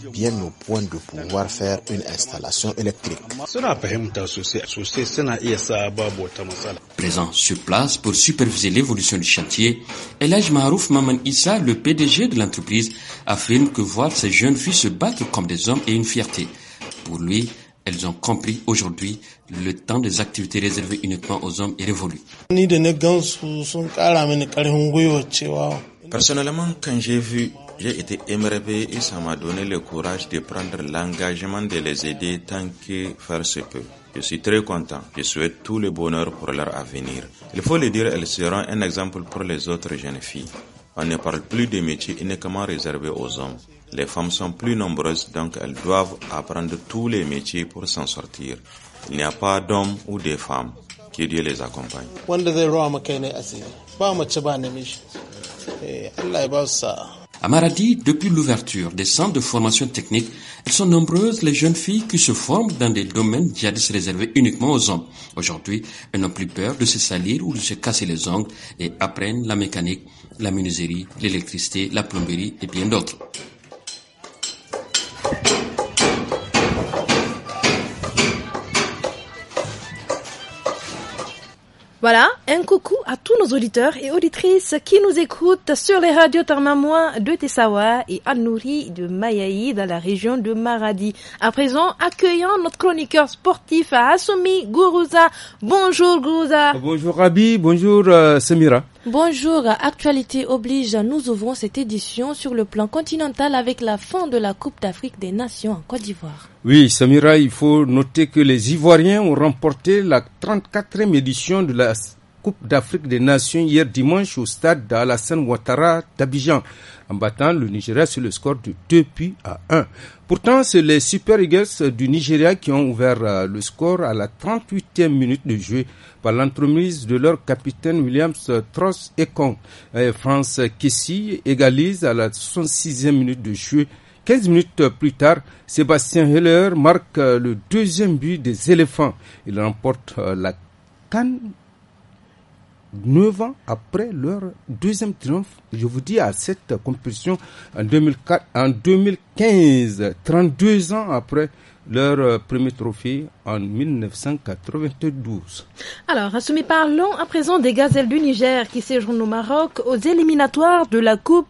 bien au point de pouvoir faire une installation électrique. Présent sur place pour superviser l'évolution du chantier, Elaj Maharouf Maman Issa, le PDG de l'entreprise, affirme que voir ces jeunes filles se battre comme des hommes est une fierté. Pour lui, elles ont compris aujourd'hui le temps des activités réservées uniquement aux hommes est révolu. Personnellement, quand j'ai vu j'ai été émerveillé et ça m'a donné le courage de prendre l'engagement de les aider tant que faire se peut. Je suis très content. Je souhaite tout le bonheur pour leur avenir. Il faut le dire, elles seront un exemple pour les autres jeunes filles. On ne parle plus des métiers uniquement réservés aux hommes. Les femmes sont plus nombreuses, donc elles doivent apprendre tous les métiers pour s'en sortir. Il n'y a pas d'hommes ou de femmes. qui Dieu les accompagne. À Maradi, depuis l'ouverture des centres de formation technique, elles sont nombreuses les jeunes filles qui se forment dans des domaines jadis réservés uniquement aux hommes. Aujourd'hui, elles n'ont plus peur de se salir ou de se casser les ongles et apprennent la mécanique, la menuiserie, l'électricité, la plomberie et bien d'autres. Voilà, un coucou à tous nos auditeurs et auditrices qui nous écoutent sur les radios Tarmamois de Tessawa et Anouri de Mayaï dans la région de Maradi. À présent, accueillons notre chroniqueur sportif Assoumi Gourouza. Bonjour Gourouza. Bonjour Rabi, bonjour euh, Semira. Bonjour, actualité oblige, nous ouvrons cette édition sur le plan continental avec la fin de la Coupe d'Afrique des Nations en Côte d'Ivoire. Oui, Samira, il faut noter que les Ivoiriens ont remporté la 34e édition de la Coupe d'Afrique des Nations hier dimanche au stade d'Alassane Ouattara d'Abidjan, en battant le Nigeria sur le score de 2 puis à 1. Pourtant, c'est les Super Eagles du Nigeria qui ont ouvert euh, le score à la 38e minute de jeu par l'entremise de leur capitaine Williams Tross Ekong. France Kessie égalise à la 66e minute de jeu 15 minutes plus tard, Sébastien Heller marque euh, le deuxième but des éléphants. Il remporte euh, la canne 9 ans après leur deuxième triomphe. Je vous dis à cette compétition en, en 2015, 32 ans après leur euh, premier trophée en 1992. Alors, moment-là, parlons à présent des gazelles du Niger qui séjournent au Maroc aux éliminatoires de la Coupe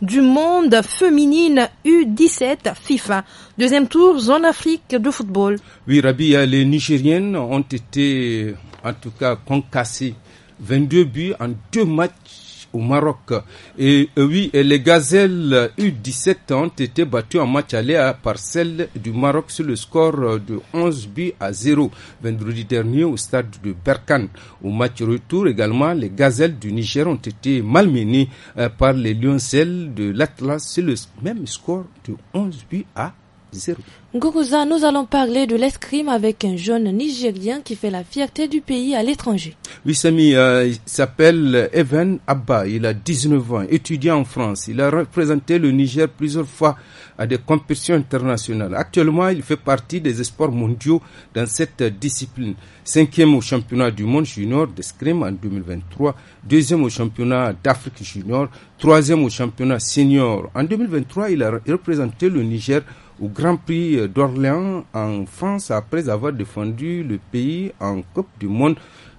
du monde féminine U17 FIFA. Deuxième tour, zone Afrique de football. Oui, Rabia, les Nigériennes ont été en tout cas concassées 22 buts en deux matchs au Maroc. Et euh, oui, et les gazelles U17 ont été battues en match aller par celle du Maroc sur le score euh, de 11 buts à 0 vendredi dernier au stade de Berkane. Au match retour également, les gazelles du Niger ont été malmenées euh, par les lioncelles de l'Atlas sur le même score de 11 buts à Zéro. nous allons parler de l'escrime avec un jeune Nigérien qui fait la fierté du pays à l'étranger. Oui, Samy, euh, il s'appelle Evan Abba, il a 19 ans, étudiant en France. Il a représenté le Niger plusieurs fois à des compétitions internationales. Actuellement, il fait partie des espoirs mondiaux dans cette discipline. Cinquième au championnat du monde junior d'escrime en 2023, deuxième au championnat d'Afrique junior, troisième au championnat senior. En 2023, il a représenté le Niger au Grand Prix d'Orléans en France après avoir défendu le pays en Coupe du Monde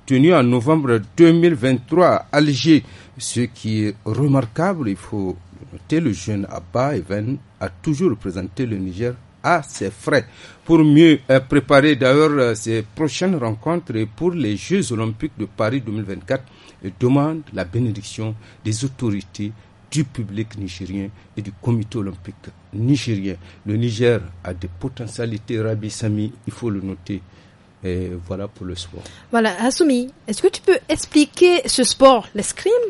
tenue en novembre 2023 à Alger. Ce qui est remarquable, il faut noter, le jeune Abba Even a toujours représenté le Niger à ses frais. Pour mieux euh, préparer d'ailleurs euh, ses prochaines rencontres pour les Jeux olympiques de Paris 2024, il demande la bénédiction des autorités du public nigérien et du comité olympique nigérien. Le Niger a des potentialités, Rabi Sami, il faut le noter. Et voilà pour le sport. Voilà, Asumi, est-ce que tu peux expliquer ce sport, l'escrime,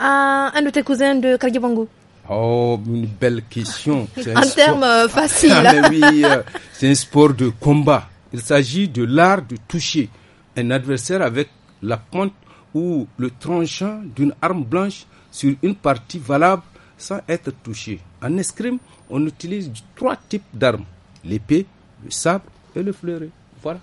à un de tes cousins de Kagibango Oh, une belle question. En termes facile euh, faciles. Ah, oui, euh, c'est un sport de combat. Il s'agit de l'art de toucher un adversaire avec la pointe ou le tranchant d'une arme blanche sur une partie valable sans être touché. En escrime, on utilise trois types d'armes l'épée, le sabre et le fleuret. Voilà.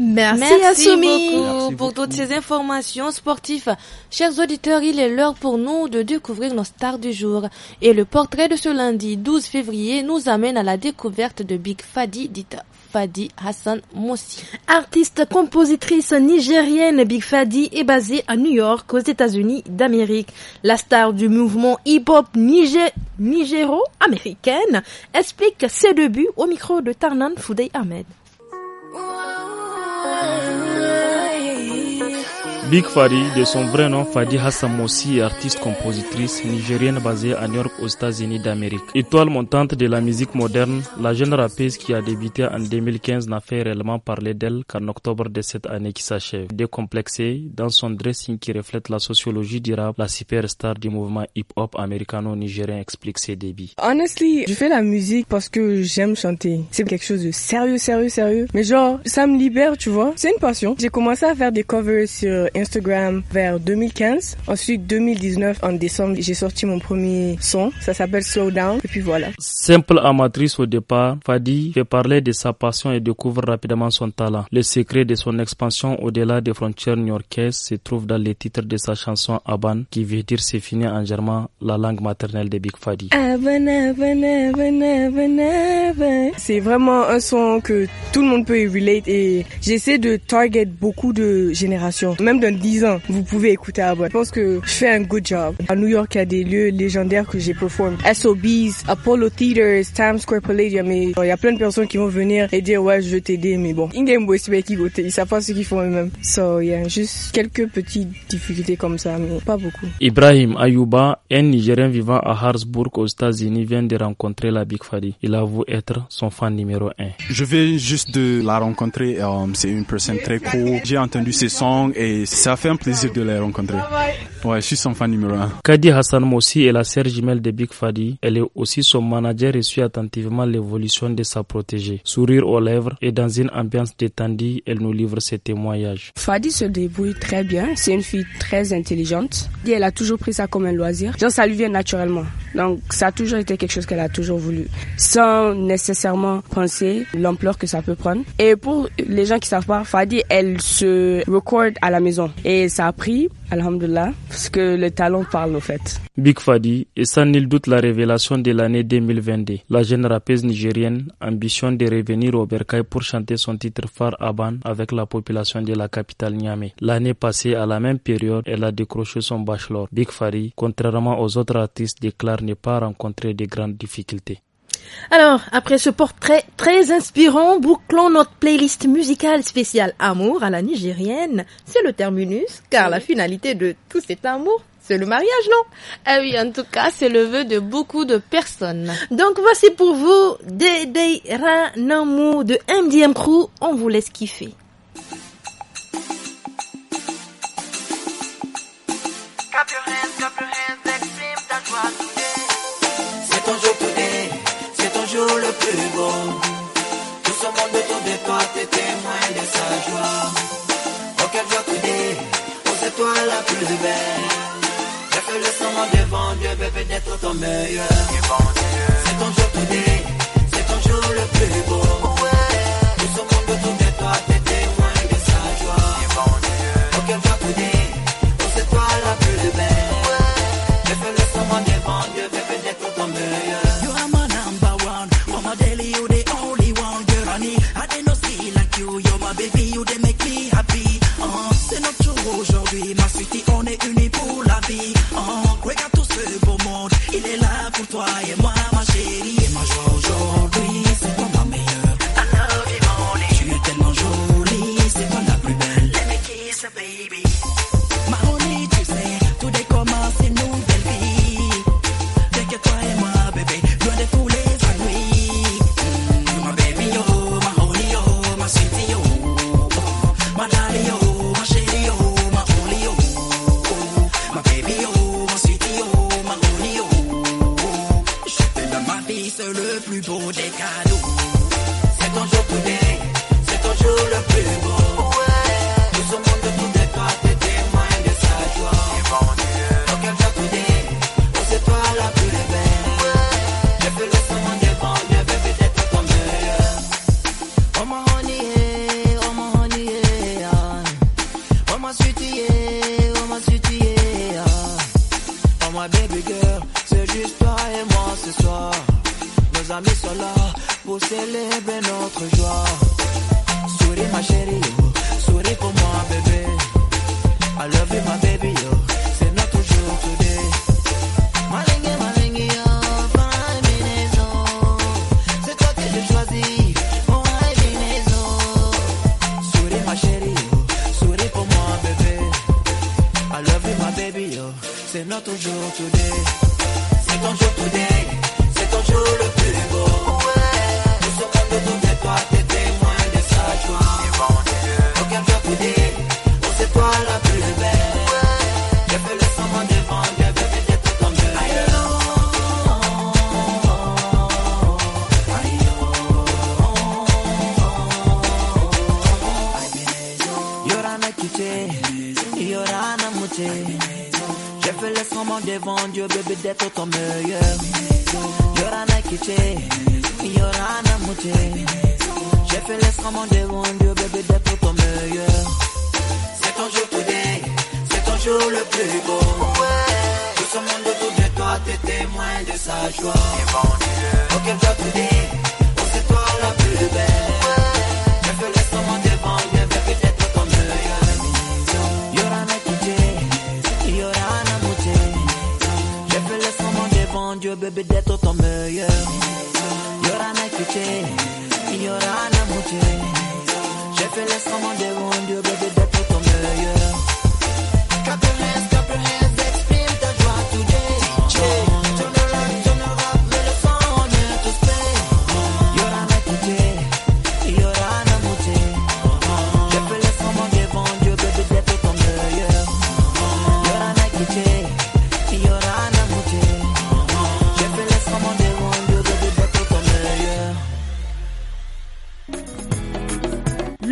Merci, beaucoup pour toutes ces informations sportives. Chers auditeurs, il est l'heure pour nous de découvrir nos stars du jour. Et le portrait de ce lundi 12 février nous amène à la découverte de Big Fadi Dita Fadi Hassan Mossi. Artiste compositrice nigérienne, Big Fadi est basée à New York, aux États-Unis d'Amérique. La star du mouvement hip-hop nigéro-américaine explique ses débuts au micro de Tarnan Fouday Ahmed. Big Fadi, de son vrai nom Fadi Hassan Mossi, artiste compositrice nigérienne basée à New York aux États-Unis d'Amérique. Étoile montante de la musique moderne, la jeune rappeuse qui a débuté en 2015 n'a fait réellement parler d'elle qu'en octobre de cette année qui s'achève. Décomplexée dans son dressing qui reflète la sociologie du rap, la superstar du mouvement hip-hop américano-nigérien explique ses débits. Honestly, je fais la musique parce que j'aime chanter. C'est quelque chose de sérieux, sérieux, sérieux. Mais genre, ça me libère, tu vois. C'est une passion. J'ai commencé à faire des covers sur Instagram vers 2015. Ensuite, 2019, en décembre, j'ai sorti mon premier son. Ça s'appelle Slow Down. Et puis voilà. Simple amatrice au départ, Fadi fait parler de sa passion et découvre rapidement son talent. Le secret de son expansion au-delà des frontières new-yorkaises se trouve dans les titres de sa chanson Aban, qui veut dire c'est fini en germain, la langue maternelle de Big Fadi. C'est vraiment un son que tout le monde peut relate et j'essaie de target beaucoup de générations, même de 10 ans, vous pouvez écouter voix. Je pense que je fais un good job. À New York, il y a des lieux légendaires que j'ai performé. SOBs, Apollo Theaters, Times Square Palladium. Mais euh, il y a plein de personnes qui vont venir et dire, ouais, je veux t'aider, mais bon. Ils savent pas ce qu'ils font eux-mêmes. So, il y a juste quelques petites difficultés comme ça, mais pas beaucoup. Ibrahim Ayouba, un Nigérien vivant à Harzburg aux États-Unis, vient de rencontrer la Big Fadi. Il avoue être son fan numéro un. Je viens juste de la rencontrer. Euh, c'est une personne très cool. J'ai entendu ses sons et ça fait un plaisir de les rencontrer. Ouais, je suis son fan numéro 1 Kadi Hassan Moussi est la sœur jumelle de Big Fadi. Elle est aussi son manager et suit attentivement l'évolution de sa protégée. Sourire aux lèvres et dans une ambiance détendue, elle nous livre ses témoignages. Fadi se débrouille très bien. C'est une fille très intelligente. Et elle a toujours pris ça comme un loisir. Genre, ça lui vient naturellement. Donc, ça a toujours été quelque chose qu'elle a toujours voulu. Sans nécessairement penser l'ampleur que ça peut prendre. Et pour les gens qui savent pas, Fadi, elle se record à la maison. Et ça a pris, alhamdulillah, parce que le talent parle au fait. Big Fadi est sans nul doute la révélation de l'année 2022. La jeune rappeuse nigérienne ambitionne de revenir au Berkay pour chanter son titre phare Aban avec la population de la capitale Niamey. L'année passée, à la même période, elle a décroché son bachelor. Big Fadi, contrairement aux autres artistes, déclare ne pas rencontrer de grandes difficultés. Alors, après ce portrait très inspirant, bouclons notre playlist musicale spéciale Amour à la Nigérienne. C'est le terminus, car la finalité de tout cet amour, c'est le mariage, non Eh oui, en tout cas, c'est le vœu de beaucoup de personnes. Donc voici pour vous Dede Ranamu de MDM Crew. On vous laisse kiffer. joie. Auquel joie couder, pour c'est toi la plus belle. J'ai fait le serment devant Dieu, bébé, d'être ton meilleur. C'est ton jour today, c'est ton jour le plus beau. Tout ce monde, tout baby de toto meje Jorana kite, jorana mute Je fais laisse comment de Dieu baby de toto meje Quand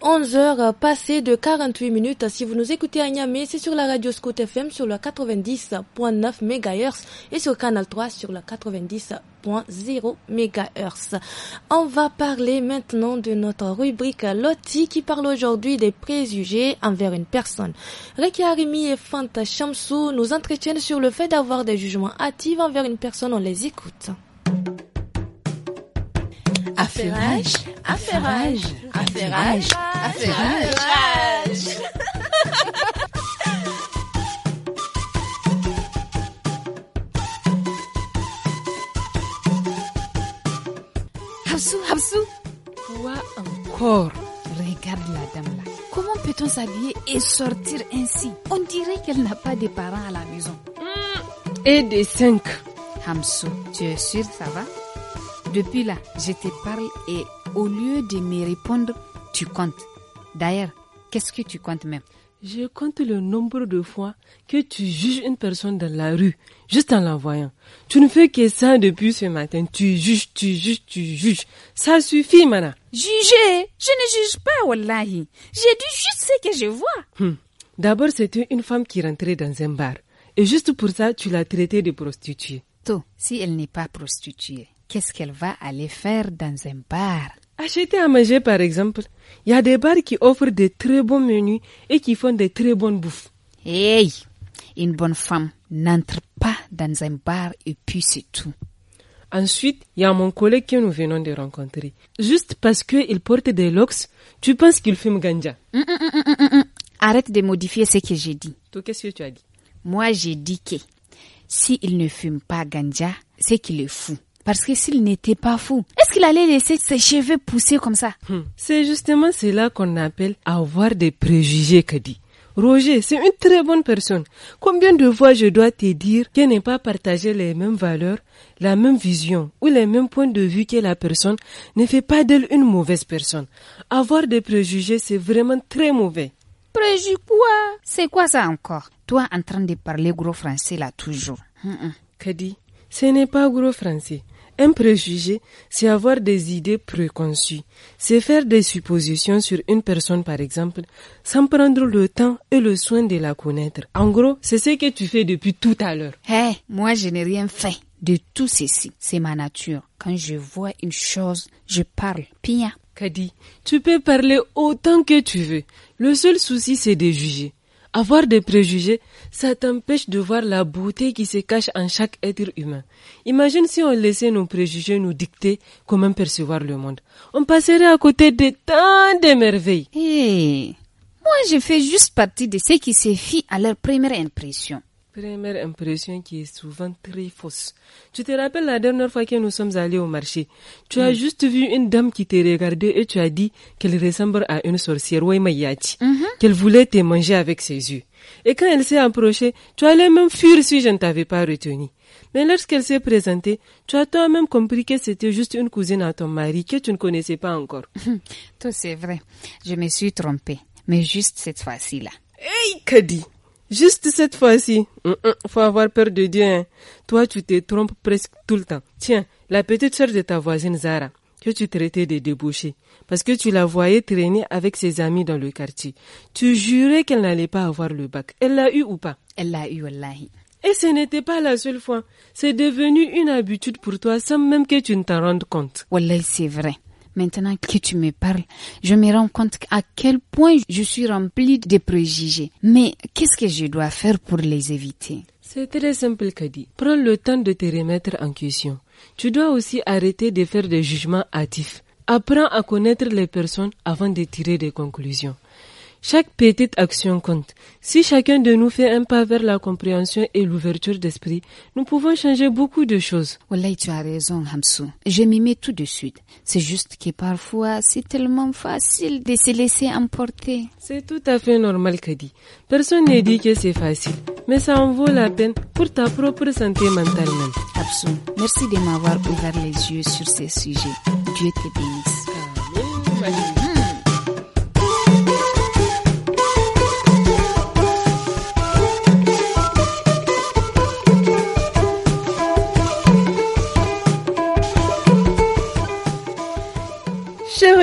11 heures passées de 48 minutes. Si vous nous écoutez à Niamey, c'est sur la radio Scout FM sur le 90.9 MHz et sur Canal 3 sur le 90.0 MHz. On va parler maintenant de notre rubrique Loti qui parle aujourd'hui des préjugés envers une personne. Reki Arimi et Fanta Shamsou nous entretiennent sur le fait d'avoir des jugements hâtifs envers une personne. On les écoute. Affairage, affairage, affairage, affairage. Hamsou, Hamsou, quoi encore Regarde la dame là. Comment peut-on s'habiller et sortir ainsi On dirait qu'elle n'a pas de parents à la maison. Et des cinq. Hamsou, tu es sûr, ça va depuis là, je te parle et au lieu de me répondre, tu comptes. D'ailleurs, qu'est-ce que tu comptes même Je compte le nombre de fois que tu juges une personne dans la rue, juste en la voyant. Tu ne fais que ça depuis ce matin. Tu juges, tu juges, tu juges. Ça suffit, Mana. Juger Je ne juge pas, Wallahi. J'ai dit juste ce que je vois. Hmm. D'abord, c'était une femme qui rentrait dans un bar. Et juste pour ça, tu l'as traitée de prostituée. Toi, si elle n'est pas prostituée, qu'est-ce qu'elle va aller faire dans un bar Acheter à manger, par exemple. Il y a des bars qui offrent de très bons menus et qui font de très bonnes bouffes. Hey, une bonne femme n'entre pas dans un bar et puis c'est tout. Ensuite, il y a mon collègue que nous venons de rencontrer. Juste parce qu'il porte des locks, tu penses qu'il fume ganja. Hum, hum, hum, Arrête de modifier ce que j'ai dit. Toi, qu'est-ce que tu as dit Moi, j'ai dit que s'il ne fume pas ganja, c'est qu'il est fou. Parce que s'il n'était pas fou, est-ce qu'il allait laisser ses cheveux pousser comme ça hmm. C'est justement cela qu'on appelle avoir des préjugés, Kadi. Roger, c'est une très bonne personne. Combien de fois je dois te dire qu'elle n'est pas partagé les mêmes valeurs, la même vision ou les mêmes points de vue que la personne ne fait pas d'elle une mauvaise personne. Avoir des préjugés, c'est vraiment très mauvais. Préjugés quoi C'est quoi ça encore Toi en train de parler gros français là toujours. Hmm, hmm. Kadi, ce n'est pas gros français. Un préjugé, c'est avoir des idées préconçues, c'est faire des suppositions sur une personne par exemple, sans prendre le temps et le soin de la connaître. En gros, c'est ce que tu fais depuis tout à l'heure. Hé, moi je n'ai rien fait de tout ceci. C'est ma nature. Quand je vois une chose, je parle. Pia. Kadi, tu peux parler autant que tu veux. Le seul souci, c'est de juger. Avoir des préjugés, ça t'empêche de voir la beauté qui se cache en chaque être humain. Imagine si on laissait nos préjugés nous dicter comment percevoir le monde. On passerait à côté de tant de merveilles. Hey, eh, moi, je fais juste partie de ceux qui se fient à leur première impression première impression qui est souvent très fausse. Tu te rappelles la dernière fois que nous sommes allés au marché, tu as mm. juste vu une dame qui t'a regardé et tu as dit qu'elle ressemble à une sorcière ou mhm. qu'elle voulait te manger avec ses yeux. Et quand elle s'est approchée, tu allais même fuir si je ne t'avais pas retenu. Mais lorsqu'elle s'est présentée, tu as toi-même compris que c'était juste une cousine à ton mari que tu ne connaissais pas encore. Tout c'est vrai. Je me suis trompée. Mais juste cette fois-ci-là. Hey, que dit Juste cette fois-ci, faut avoir peur de Dieu. Hein. Toi, tu te trompes presque tout le temps. Tiens, la petite sœur de ta voisine Zara, que tu traitais de débauchée, parce que tu la voyais traîner avec ses amis dans le quartier. Tu jurais qu'elle n'allait pas avoir le bac. Elle l'a eu ou pas Elle l'a eu, wallahi. Et ce n'était pas la seule fois. C'est devenu une habitude pour toi sans même que tu ne t'en rendes compte. Wallahi, c'est vrai. Maintenant que tu me parles, je me rends compte à quel point je suis remplie de préjugés. Mais qu'est-ce que je dois faire pour les éviter C'est très simple, Kadi. Prends le temps de te remettre en question. Tu dois aussi arrêter de faire des jugements hâtifs. Apprends à connaître les personnes avant de tirer des conclusions. Chaque petite action compte. Si chacun de nous fait un pas vers la compréhension et l'ouverture d'esprit, nous pouvons changer beaucoup de choses. Wallahi, tu as raison, Hamsou. Je m'y mets tout de suite. C'est juste que parfois, c'est tellement facile de se laisser emporter. C'est tout à fait normal, Kadi. Personne n'est dit que c'est facile, mais ça en vaut la peine pour ta propre santé mentale même. Hamsou, merci de m'avoir ouvert les yeux sur ces sujets. Dieu te bénisse. Amen.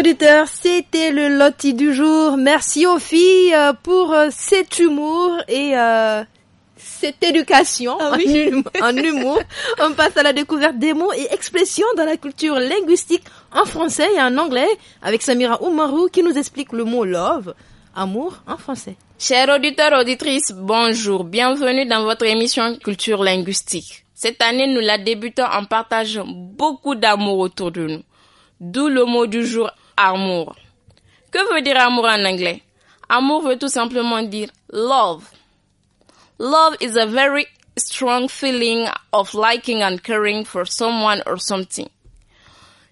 auditeurs, c'était le loti du jour. Merci aux filles euh, pour euh, cet humour et euh, cette éducation ah hum, en, humour. On passe à la découverte des mots et expressions dans la culture linguistique en français et en anglais avec Samira Oumarou qui nous explique le mot love, amour en français. Chers auditeurs, auditrices, bonjour. Bienvenue dans votre émission Culture linguistique. Cette année, nous la débutons en partageant beaucoup d'amour autour de nous. D'où le mot du jour amour. Que veut dire amour en anglais? Amour veut tout simplement dire love. Love is a very strong feeling of liking and caring for someone or something.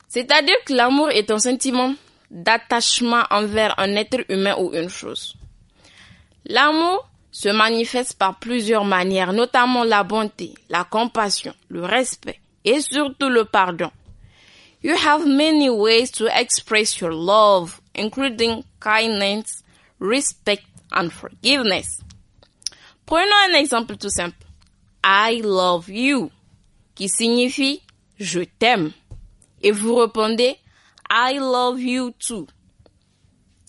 C'est-à-dire que l'amour est un sentiment d'attachement envers un être humain ou une chose. L'amour se manifeste par plusieurs manières, notamment la bonté, la compassion, le respect et surtout le pardon. You have many ways to express your love, including kindness, respect, and forgiveness. Prenons un exemple tout simple. I love you, qui signifie je t'aime. Et vous répondez I love you too,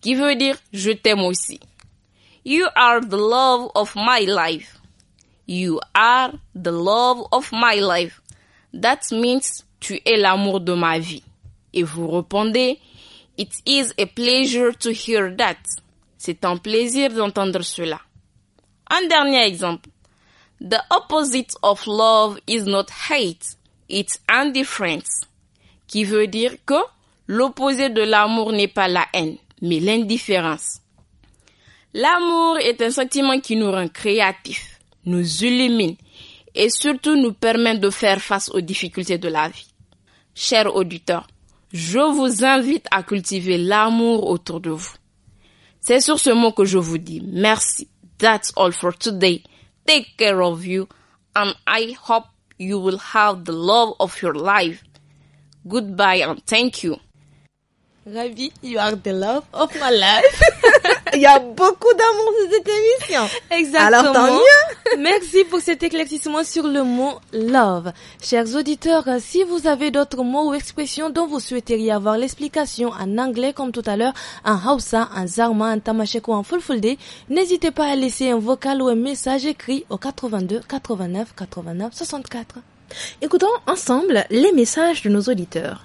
qui veut dire je t'aime aussi. You are the love of my life. You are the love of my life. That means Tu es l'amour de ma vie. Et vous répondez, It is a pleasure to hear that. C'est un plaisir d'entendre cela. Un dernier exemple. The opposite of love is not hate, it's indifference. Qui veut dire que l'opposé de l'amour n'est pas la haine, mais l'indifférence. L'amour est un sentiment qui nous rend créatifs, nous illumine et surtout nous permet de faire face aux difficultés de la vie. Chers auditeurs, je vous invite à cultiver l'amour autour de vous. C'est sur ce mot que je vous dis merci. That's all for today. Take care of you and I hope you will have the love of your life. Goodbye and thank you. Ravi, you are the love of my life. Il y a beaucoup d'amour sur cette émission. Exactement. Alors tant mieux. Merci pour cet éclaircissement sur le mot love. Chers auditeurs, si vous avez d'autres mots ou expressions dont vous souhaiteriez avoir l'explication en anglais comme tout à l'heure, en Hausa, en Zarma, en Tamashek ou en Fulfulde, n'hésitez pas à laisser un vocal ou un message écrit au 82 89 89 64. Écoutons ensemble les messages de nos auditeurs.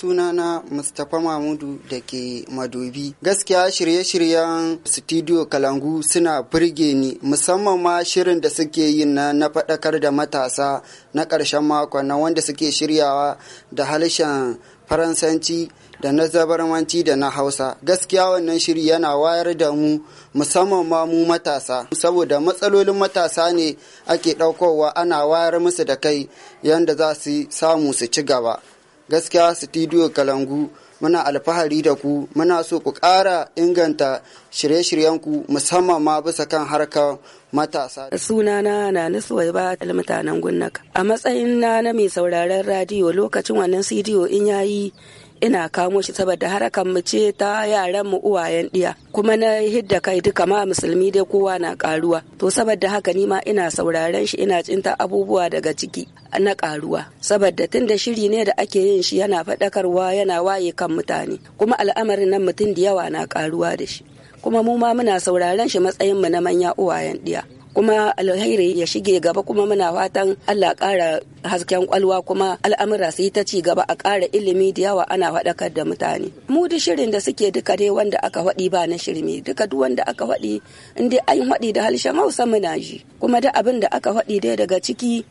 sunana Mustapha Mahmudu da ke Madobi. Gaskiya shirye-shiryen Studio Kalangu suna burge ni musamman ma shirin da suke yi na na faɗakar da matasa na ƙarshen makon na wanda suke shiryawa da halishan Faransanci da na zabarmanci da na hausa gaskiya wannan shiri yana wayar da mu musamman ma mu matasa saboda matsalolin matasa ne ake ɗaukowa ana wayar musu da kai yadda za su samu su ci gaba gaskiya studio kalangu muna alfahari da ku muna so ku ƙara inganta shirye-shiryenku musamman ma bisa kan harkar matasa. Sunana na nisuwai ba mutanen gunnaka. A matsayin na na mai sauraren radio lokacin wannan sidiyo in yayi ina kamo shi saboda harakan mu ce ta yaran mu uwayen diya kuma na hidda kai duka ma musulmi dai kowa na karuwa to saboda haka ni ma ina sauraren shi ina cinta abubuwa daga ciki na karuwa saboda tun da shiri ne da ake yin shi yana faɗakarwa yana waye kan mutane kuma al'amarin nan mutum da yawa na karuwa da shi kuma mu ma muna sauraren shi matsayin mu na manya uwayen diya kuma alheri ya shige gaba kuma muna fatan Allah ƙara hasken kwalwa kuma al'amura su yi ta ci gaba a ƙara ilimi da yawa ana faɗakar da mutane mu duk shirin da suke duka dai wanda aka faɗi ba na shirme duka duk wanda aka faɗi in dai an faɗi da harshen Hausa muna ji kuma da abin da aka faɗi dai daga ciki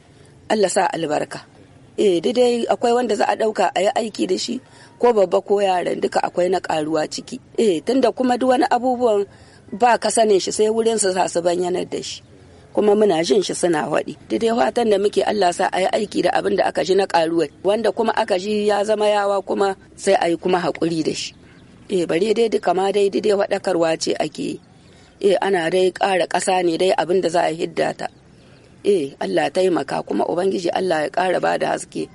Allah sa albarka eh dai akwai wanda za a ɗauka a yi aiki da shi ko babba ko yaran duka akwai na karuwa ciki eh tunda kuma duk wani abubuwan ba ka sanin shi sai wurin su su bayyanar da shi kuma muna jin shi suna haɗi dai fatan da muke Allah sa a yi aiki da abin da aka ji na karuwa wanda kuma aka ji ya zama yawa kuma sai ayi kuma haƙuri da shi eh bare dai duka ma dai dai wadakarwa ce ake yi eh ana dai ƙara ƙasa ne dai abin da za a hidda ta eh Allah taimaka kuma ubangiji Allah ya ƙara ba da haske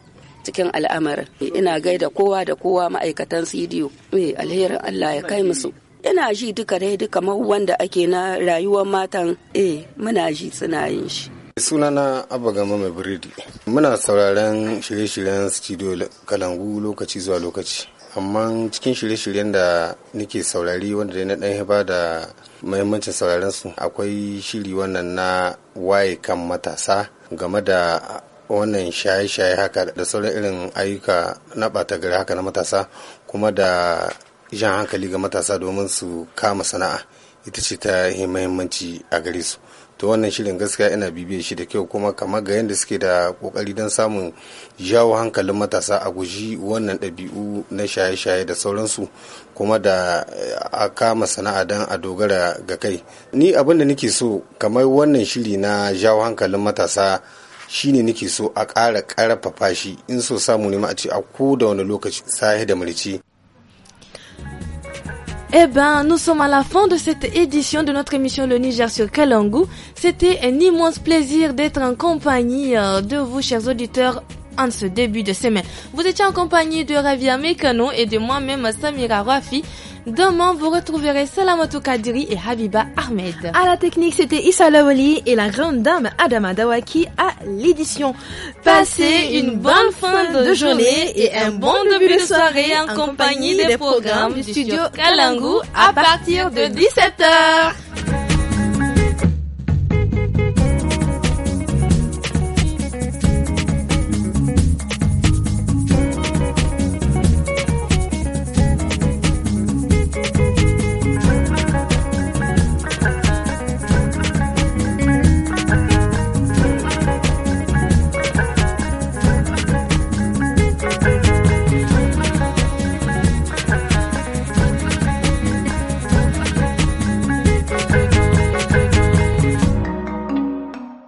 cikin al'amarin eh, ina gaida kowa da kowa ma'aikatan cdo eh alherin Allah ya kai musu ina ji duka dai duka wanda ake na rayuwar matan eh muna ji suna yin shi sunana abu gama mai biredi muna sauraren shirye-shiryen studio kalangu lokaci zuwa lokaci amma cikin shirye-shiryen da nake saurari wanda dai na dan ba da mahimmancin sauraren su akwai shiri wannan na waye kan matasa game da wannan shaye-shaye haka da sauran irin ayyuka na ɓata gari haka na matasa kuma da jan hankali ga matasa domin su kama sana'a ita ce ta yi mahimmanci a gare su to wannan shirin gaskiya ina bibiyar shi da kyau kuma kamar ga yadda suke da kokari don samun jawo hankalin matasa a guji wannan ɗabi'u na shaye-shaye da sauransu kuma da eh, a kama sana'a don a dogara ga kai ni abin da nake so kamar wannan shiri na jawo hankalin matasa shine nake so a ƙara ƙarfafa shi in so samu nema a ce a ko da wani lokaci sahi da mulci Eh ben, nous sommes à la fin de cette édition de notre émission Le Niger sur Kalangu. C'était un immense plaisir d'être en compagnie euh, de vous, chers auditeurs, en ce début de semaine. Vous étiez en compagnie de Ravia Mekano et de moi-même, Samira Rafi. Demain, vous retrouverez Salamatou Kadiri et Habiba Ahmed. À la technique, c'était Issa Lawali et la grande dame Adama Dawaki à l'édition. Passez une bonne fin de, de journée et un bon début de soirée en compagnie des programmes du studio Kalangu à partir de 17h.